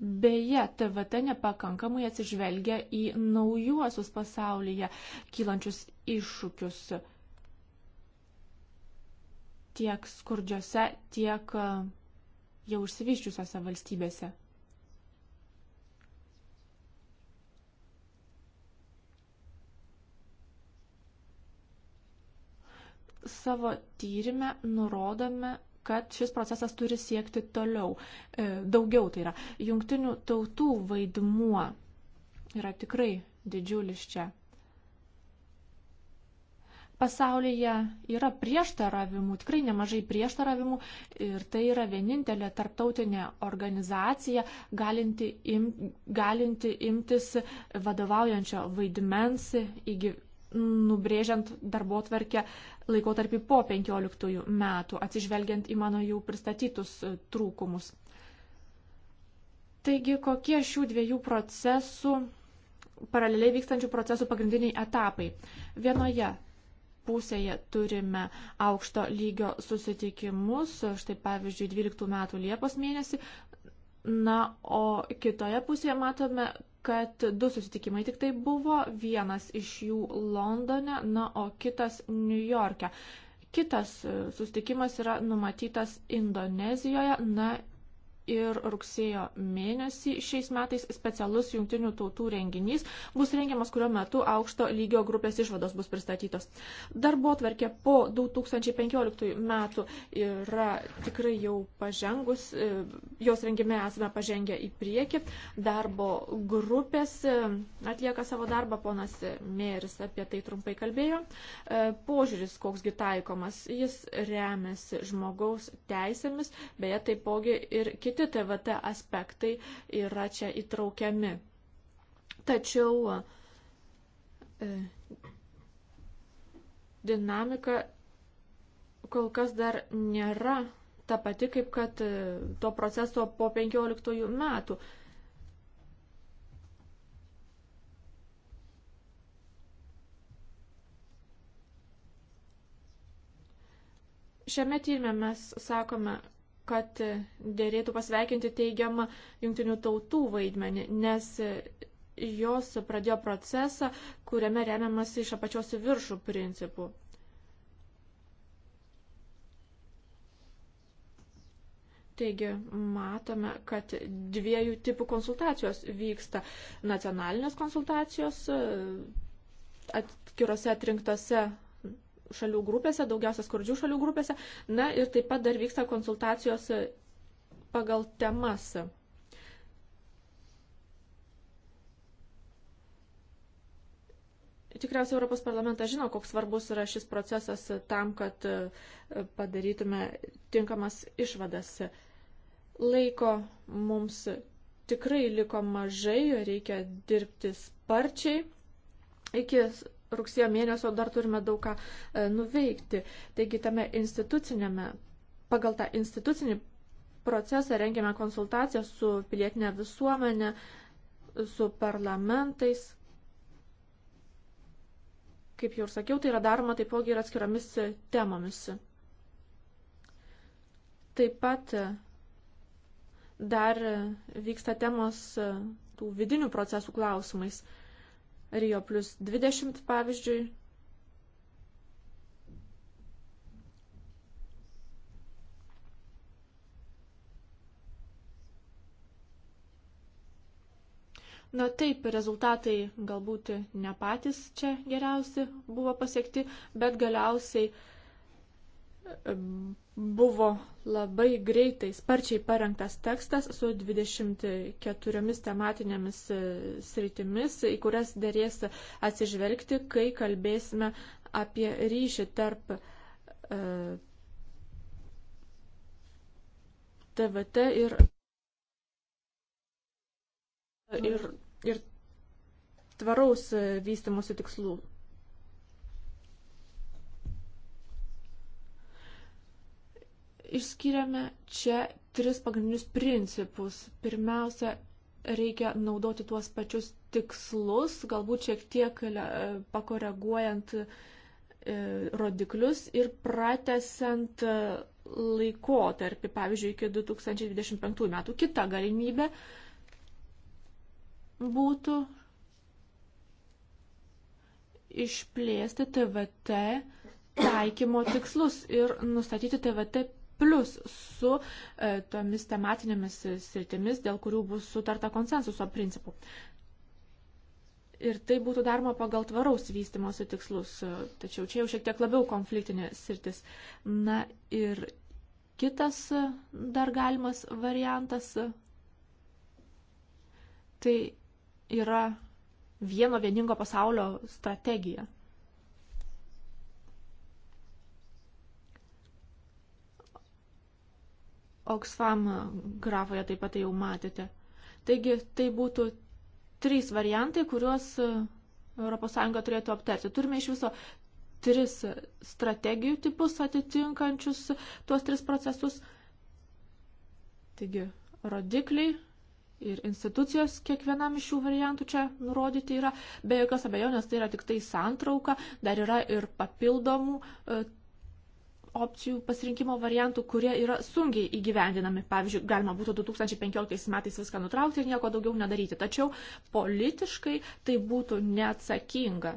Beje, TVT nepakankamai atsižvelgia į naujuosius pasaulyje kylančius iššūkius tiek skurdžiose, tiek e, jau išsivyščiusiose valstybėse. Savo tyrimę nurodome kad šis procesas turi siekti toliau, e, daugiau tai yra. Jungtinių tautų vaidmuo yra tikrai didžiulis čia. Pasaulyje yra prieštaravimų, tikrai nemažai prieštaravimų ir tai yra vienintelė tarptautinė organizacija galinti, im, galinti imtis vadovaujančio vaidmens įgyvendinti nubrėžiant darbo tvarkę laikotarpį po 15 metų, atsižvelgiant į mano jau pristatytus e, trūkumus. Taigi, kokie šių dviejų procesų, paraleliai vykstančių procesų pagrindiniai etapai? Vienoje pusėje turime aukšto lygio susitikimus, štai pavyzdžiui, 12 metų Liepos mėnesį, Na, o kitoje pusėje matome kad du susitikimai tik tai buvo, vienas iš jų Londone, na, o kitas New York'e. Kitas e, susitikimas yra numatytas Indonezijoje, na ir rugsėjo mėnesį šiais metais specialus jungtinių tautų renginys bus rengiamas, kurio metu aukšto lygio grupės išvados bus pristatytos. Darbo tvarkė po 2015 metų yra tikrai jau pažengus, e, jos rengime esame pažengę į priekį. Darbo grupės e, atlieka savo darbą, ponas Mėris apie tai trumpai kalbėjo. E, požiūris, koksgi taikomas, jis remiasi žmogaus teisėmis, beje, taipogi ir kiti kiti TVT aspektai yra čia įtraukiami. Tačiau e, dinamika kol kas dar nėra ta pati, kaip kad e, to proceso po 15 metų. Šiame tyrimė mes sakome, kad dėrėtų pasveikinti teigiamą jungtinių tautų vaidmenį, nes jos pradėjo procesą, kuriame remiamas iš apačios į viršų principų. Taigi matome, kad dviejų tipų konsultacijos vyksta. Nacionalinės konsultacijos atskirose atrinktose šalių grupėse, daugiausia skurdžių šalių grupėse. Na ir taip pat dar vyksta konsultacijos pagal temas. Tikriausiai Europos parlamentas žino, koks svarbus yra šis procesas tam, kad e, padarytume tinkamas išvadas. Laiko mums tikrai liko mažai, reikia dirbti sparčiai. Iki rugsėjo mėnesio dar turime daug ką e, nuveikti. Taigi tame institucinėme, pagal tą institucinį procesą rengiame konsultaciją su pilietinė visuomenė, su parlamentais. Kaip jau ir sakiau, tai yra daroma taipogi ir atskiromis temomis. Taip pat e, dar vyksta temos e, tų vidinių procesų klausimais. Rio plus 20 pavyzdžiui. Na taip, rezultatai galbūt ne patys čia geriausi buvo pasiekti, bet galiausiai uh, buvo labai greitai, sparčiai parengtas tekstas su 24 tematinėmis e, sritimis, į kurias dėrės atsižvelgti, kai kalbėsime apie ryšį tarp TVT e, ir, ir, ir tvaraus e, vystimosi tikslų. Išskiriame čia tris pagrindinius principus. Pirmiausia, reikia naudoti tuos pačius tikslus, galbūt šiek tiek e, pakoreguojant e, rodiklius ir pratesant e, laikotarpį, pavyzdžiui, iki 2025 metų. Kita galimybė būtų išplėsti TVT taikymo tikslus ir nustatyti TVT plus su e, tomis tematinėmis sritimis, dėl kurių bus sutarta konsensuso principų. Ir tai būtų daroma pagal tvaraus vystimosi tikslus, e, tačiau čia jau šiek tiek labiau konfliktinė sritis. Na ir kitas dar galimas variantas tai yra vieno vieningo pasaulio strategija. Oxfam grafoje taip pat jau matėte. Taigi tai būtų trys variantai, kuriuos ES turėtų aptarti. Turime iš viso tris strategijų tipus atitinkančius tuos tris procesus. Taigi, rodikliai ir institucijos kiekvienam iš šių variantų čia nurodyti yra. Be jokios abejonės tai yra tik tai santrauka, dar yra ir papildomų e, opcijų pasirinkimo variantų, kurie yra sunkiai įgyvendinami. Pavyzdžiui, galima būtų 2015 metais viską nutraukti ir nieko daugiau nedaryti. Tačiau politiškai tai būtų neatsakinga.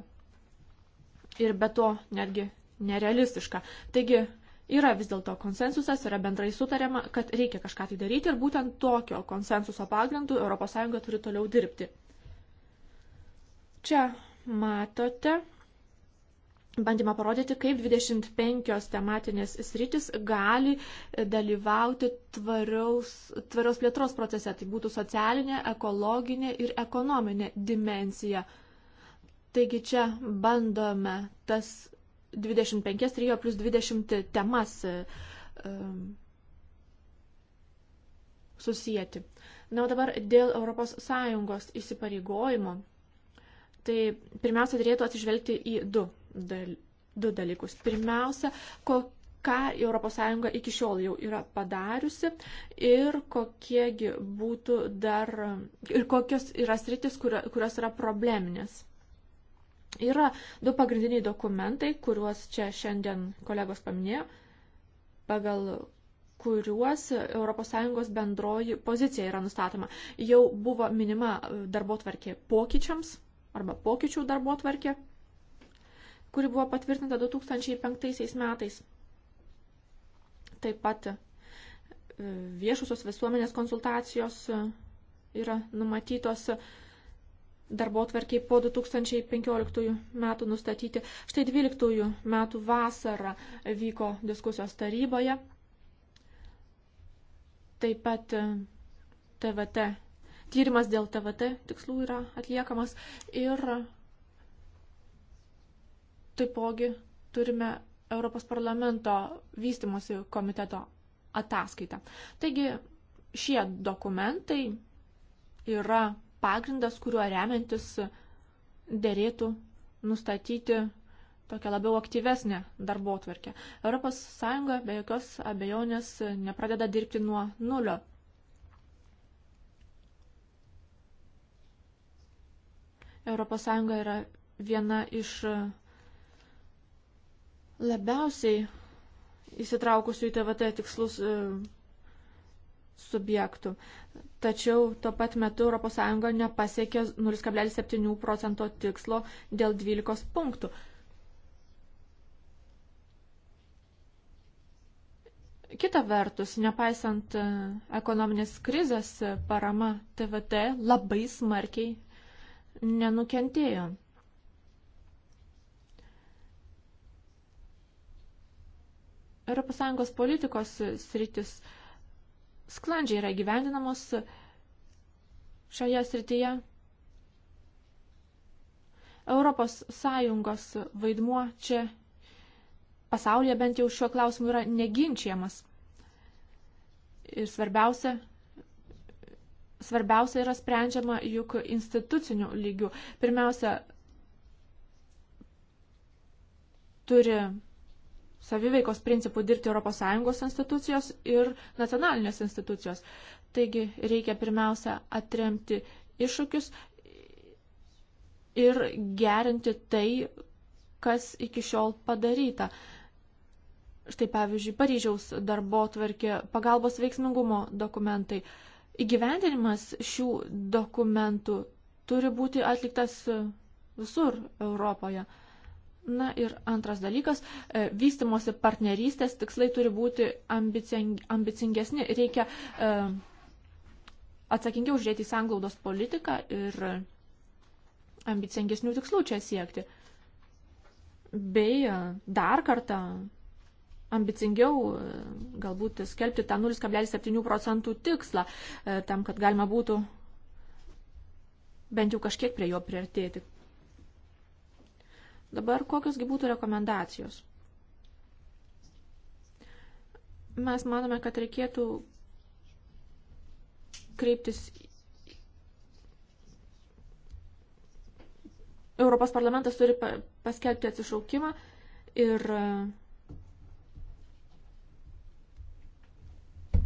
Ir be to netgi nerealistiška. Taigi yra vis dėlto konsensusas, yra bendrai sutariama, kad reikia kažką tai daryti ir būtent tokio konsensuso pagrindų ES turi toliau dirbti. Čia matote bandymą parodyti, kaip 25 tematinės sritis gali dalyvauti tvariaus, tvariaus plėtros procese. Tai būtų socialinė, ekologinė ir ekonominė dimensija. Taigi čia bandome tas 25 trijo plus 20 temas um, susijęti. Na, o dabar dėl ES įsipareigojimo Tai pirmiausia, turėtų atsižvelgti į du, dal, du dalykus. Pirmiausia, ko, ką ES iki šiol jau yra padariusi ir kokiegi būtų dar ir kokios yra sritis, kurios yra probleminės. Yra du pagrindiniai dokumentai, kuriuos čia šiandien kolegos paminėjo, pagal kuriuos ES bendroji pozicija yra nustatoma. Jau buvo minima darbo tvarkė pokyčiams arba pokyčių darbo tvarkė, kuri buvo patvirtinta 2005 metais. Taip pat e, viešusios visuomenės konsultacijos e, yra numatytos darbo tvarkiai po 2015 metų nustatyti. Štai 12 metų vasarą vyko diskusijos taryboje. Taip pat TVT e, tyrimas dėl TVT tikslų yra atliekamas ir taipogi turime Europos parlamento vystimosi komiteto ataskaitą. Taigi šie dokumentai yra pagrindas, kuriuo remiantis dėrėtų nustatyti tokią labiau aktyvesnę darbo tvarkę. ES be jokios abejonės nepradeda dirbti nuo nulio. ES yra viena iš e, labiausiai įsitraukusių į TVT tikslus e, subjektų. Tačiau tuo pat metu ES nepasiekė 0,7 procento tikslo dėl 12 punktų. Kita vertus, nepaisant e, ekonominės krizės, parama TVT labai smarkiai nenukentėjo. ES politikos sritis sklandžiai yra gyvendinamos šioje srityje. ES vaidmuo čia pasaulyje bent jau šiuo klausimu yra neginčiamas. Ir svarbiausia, svarbiausia yra sprendžiama juk institucinių lygių. Pirmiausia, turi saviveikos principų dirbti ES institucijos ir nacionalinės institucijos. Taigi reikia pirmiausia atremti iššūkius ir gerinti tai, kas iki šiol padaryta. Štai pavyzdžiui, Paryžiaus darbo tvarkė, pagalbos veiksmingumo dokumentai. Uh, Įgyvendinimas šių dokumentų turi būti atliktas e, visur Europoje. Na ir antras dalykas e, - vystimosi partnerystės tikslai turi būti ambicingesni. Reikia e, atsakingiau žiūrėti į sanglaudos politiką ir ambicingesnių tikslų čia siekti. Bei dar kartą ambicingiau e, galbūt skelbti tą 0,7 procentų tikslą, e, tam, kad galima būtų bent jau kažkiek prie jo priartėti. Dabar kokiosgi būtų rekomendacijos? Mes manome, kad reikėtų kreiptis Europos parlamentas turi paskelbti atsišaukimą ir uh,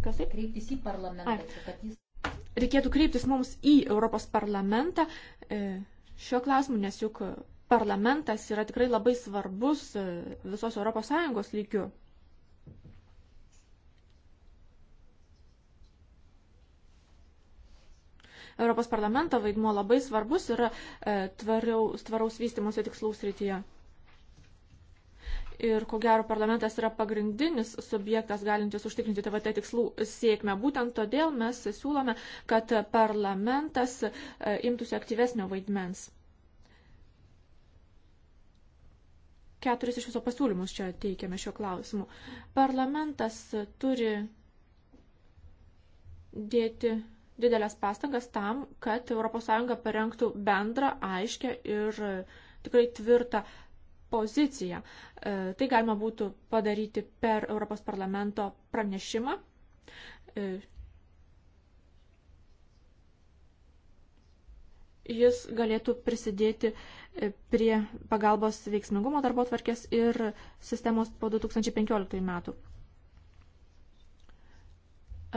Kas taip? Kreiptis į parlamentą, Ai. kad jis. Reikėtų kreiptis mums į Europos parlamentą e, šiuo klausimu, nes juk parlamentas yra tikrai labai svarbus e, visos ES lygių. Europos parlamento vaidmuo labai svarbus yra e, tvariaus, tvaraus vystimosi tikslaus rytyje ir ko gero parlamentas yra pagrindinis subjektas galintis užtikrinti TVT tikslų sėkmę. Būtent todėl mes siūlome, kad parlamentas e, imtųsi aktyvesnio vaidmens. Keturis iš viso pasiūlymus čia teikiame šiuo klausimu. Parlamentas turi dėti didelės pastangas tam, kad ES parengtų bendrą, aiškę ir tikrai tvirtą poziciją. E, tai galima būtų padaryti per Europos parlamento pranešimą. E, jis galėtų prisidėti e, prie pagalbos veiksmingumo darbo tvarkės ir sistemos po 2015 metų.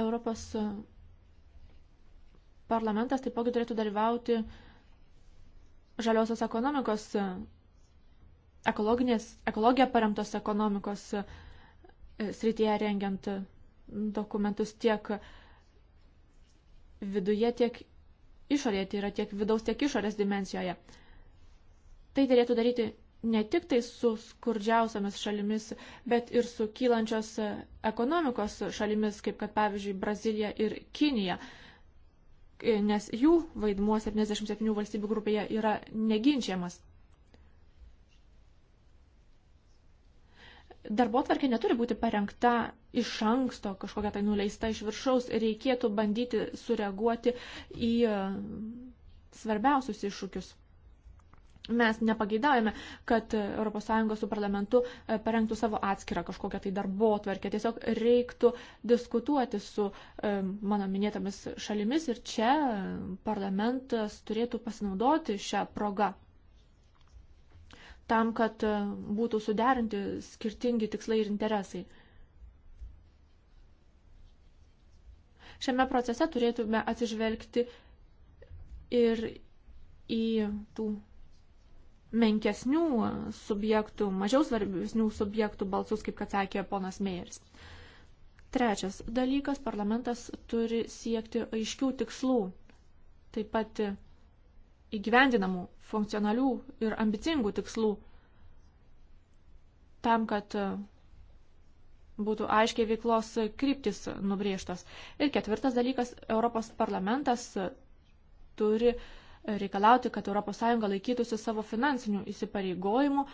Europos parlamentas taipogi turėtų dalyvauti žaliosios ekonomikos ekologiją paremtos ekonomikos e, srityje rengiant e, dokumentus tiek viduje, tiek išorėje, tai yra tiek vidaus, tiek išorės dimencijoje. Tai dėlėtų daryti ne tik tai su skurdžiausiamis šalimis, bet ir su kylančios e, ekonomikos šalimis, kaip kad pavyzdžiui Brazilija ir Kinija, nes jų vaidmuo 77 valstybių grupėje yra neginčiamas. darbo tvarkė neturi būti parengta iš anksto, kažkokia tai nuleista iš viršaus, reikėtų bandyti sureaguoti į e, svarbiausius iššūkius. Mes nepageidaujame, kad ES su parlamentu e, parengtų savo atskirą kažkokią tai darbo tvarkę. Tiesiog reiktų diskutuoti su e, mano minėtomis šalimis ir čia parlamentas turėtų pasinaudoti šią progą tam, kad e, būtų suderinti skirtingi tikslai ir interesai. Šiame procese turėtume atsižvelgti ir į tų menkesnių subjektų, mažiau svarbesnių subjektų balsus, kaip kad sakė ponas Meijeris. Trečias dalykas, parlamentas turi siekti aiškių tikslų, taip pat įgyvendinamų, funkcionalių ir ambicingų tikslų, tam, kad e, būtų aiškiai veiklos kryptis nubrėžtos. Ir ketvirtas dalykas, Europos parlamentas turi reikalauti, kad ES laikytųsi savo finansinių įsipareigojimų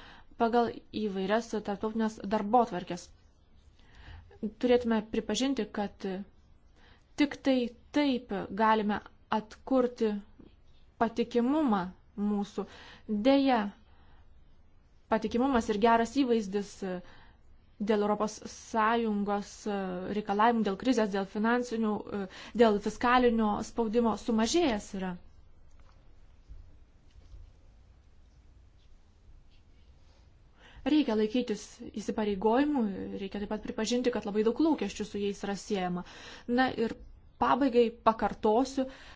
pagal įvairias tarptautinės darbo tvarkės. Turėtume pripažinti, kad tik tai taip galime atkurti patikimumą mūsų. Deja, patikimumas ir geras įvaizdis e, dėl ES e, reikalavimų, dėl krizės, dėl finansinių, e, dėl fiskalinio spaudimo sumažėjęs yra. reikia laikytis įsipareigojimų, reikia taip pat pripažinti, kad labai daug lūkesčių su jais yra siejama. Na ir pabaigai pakartosiu,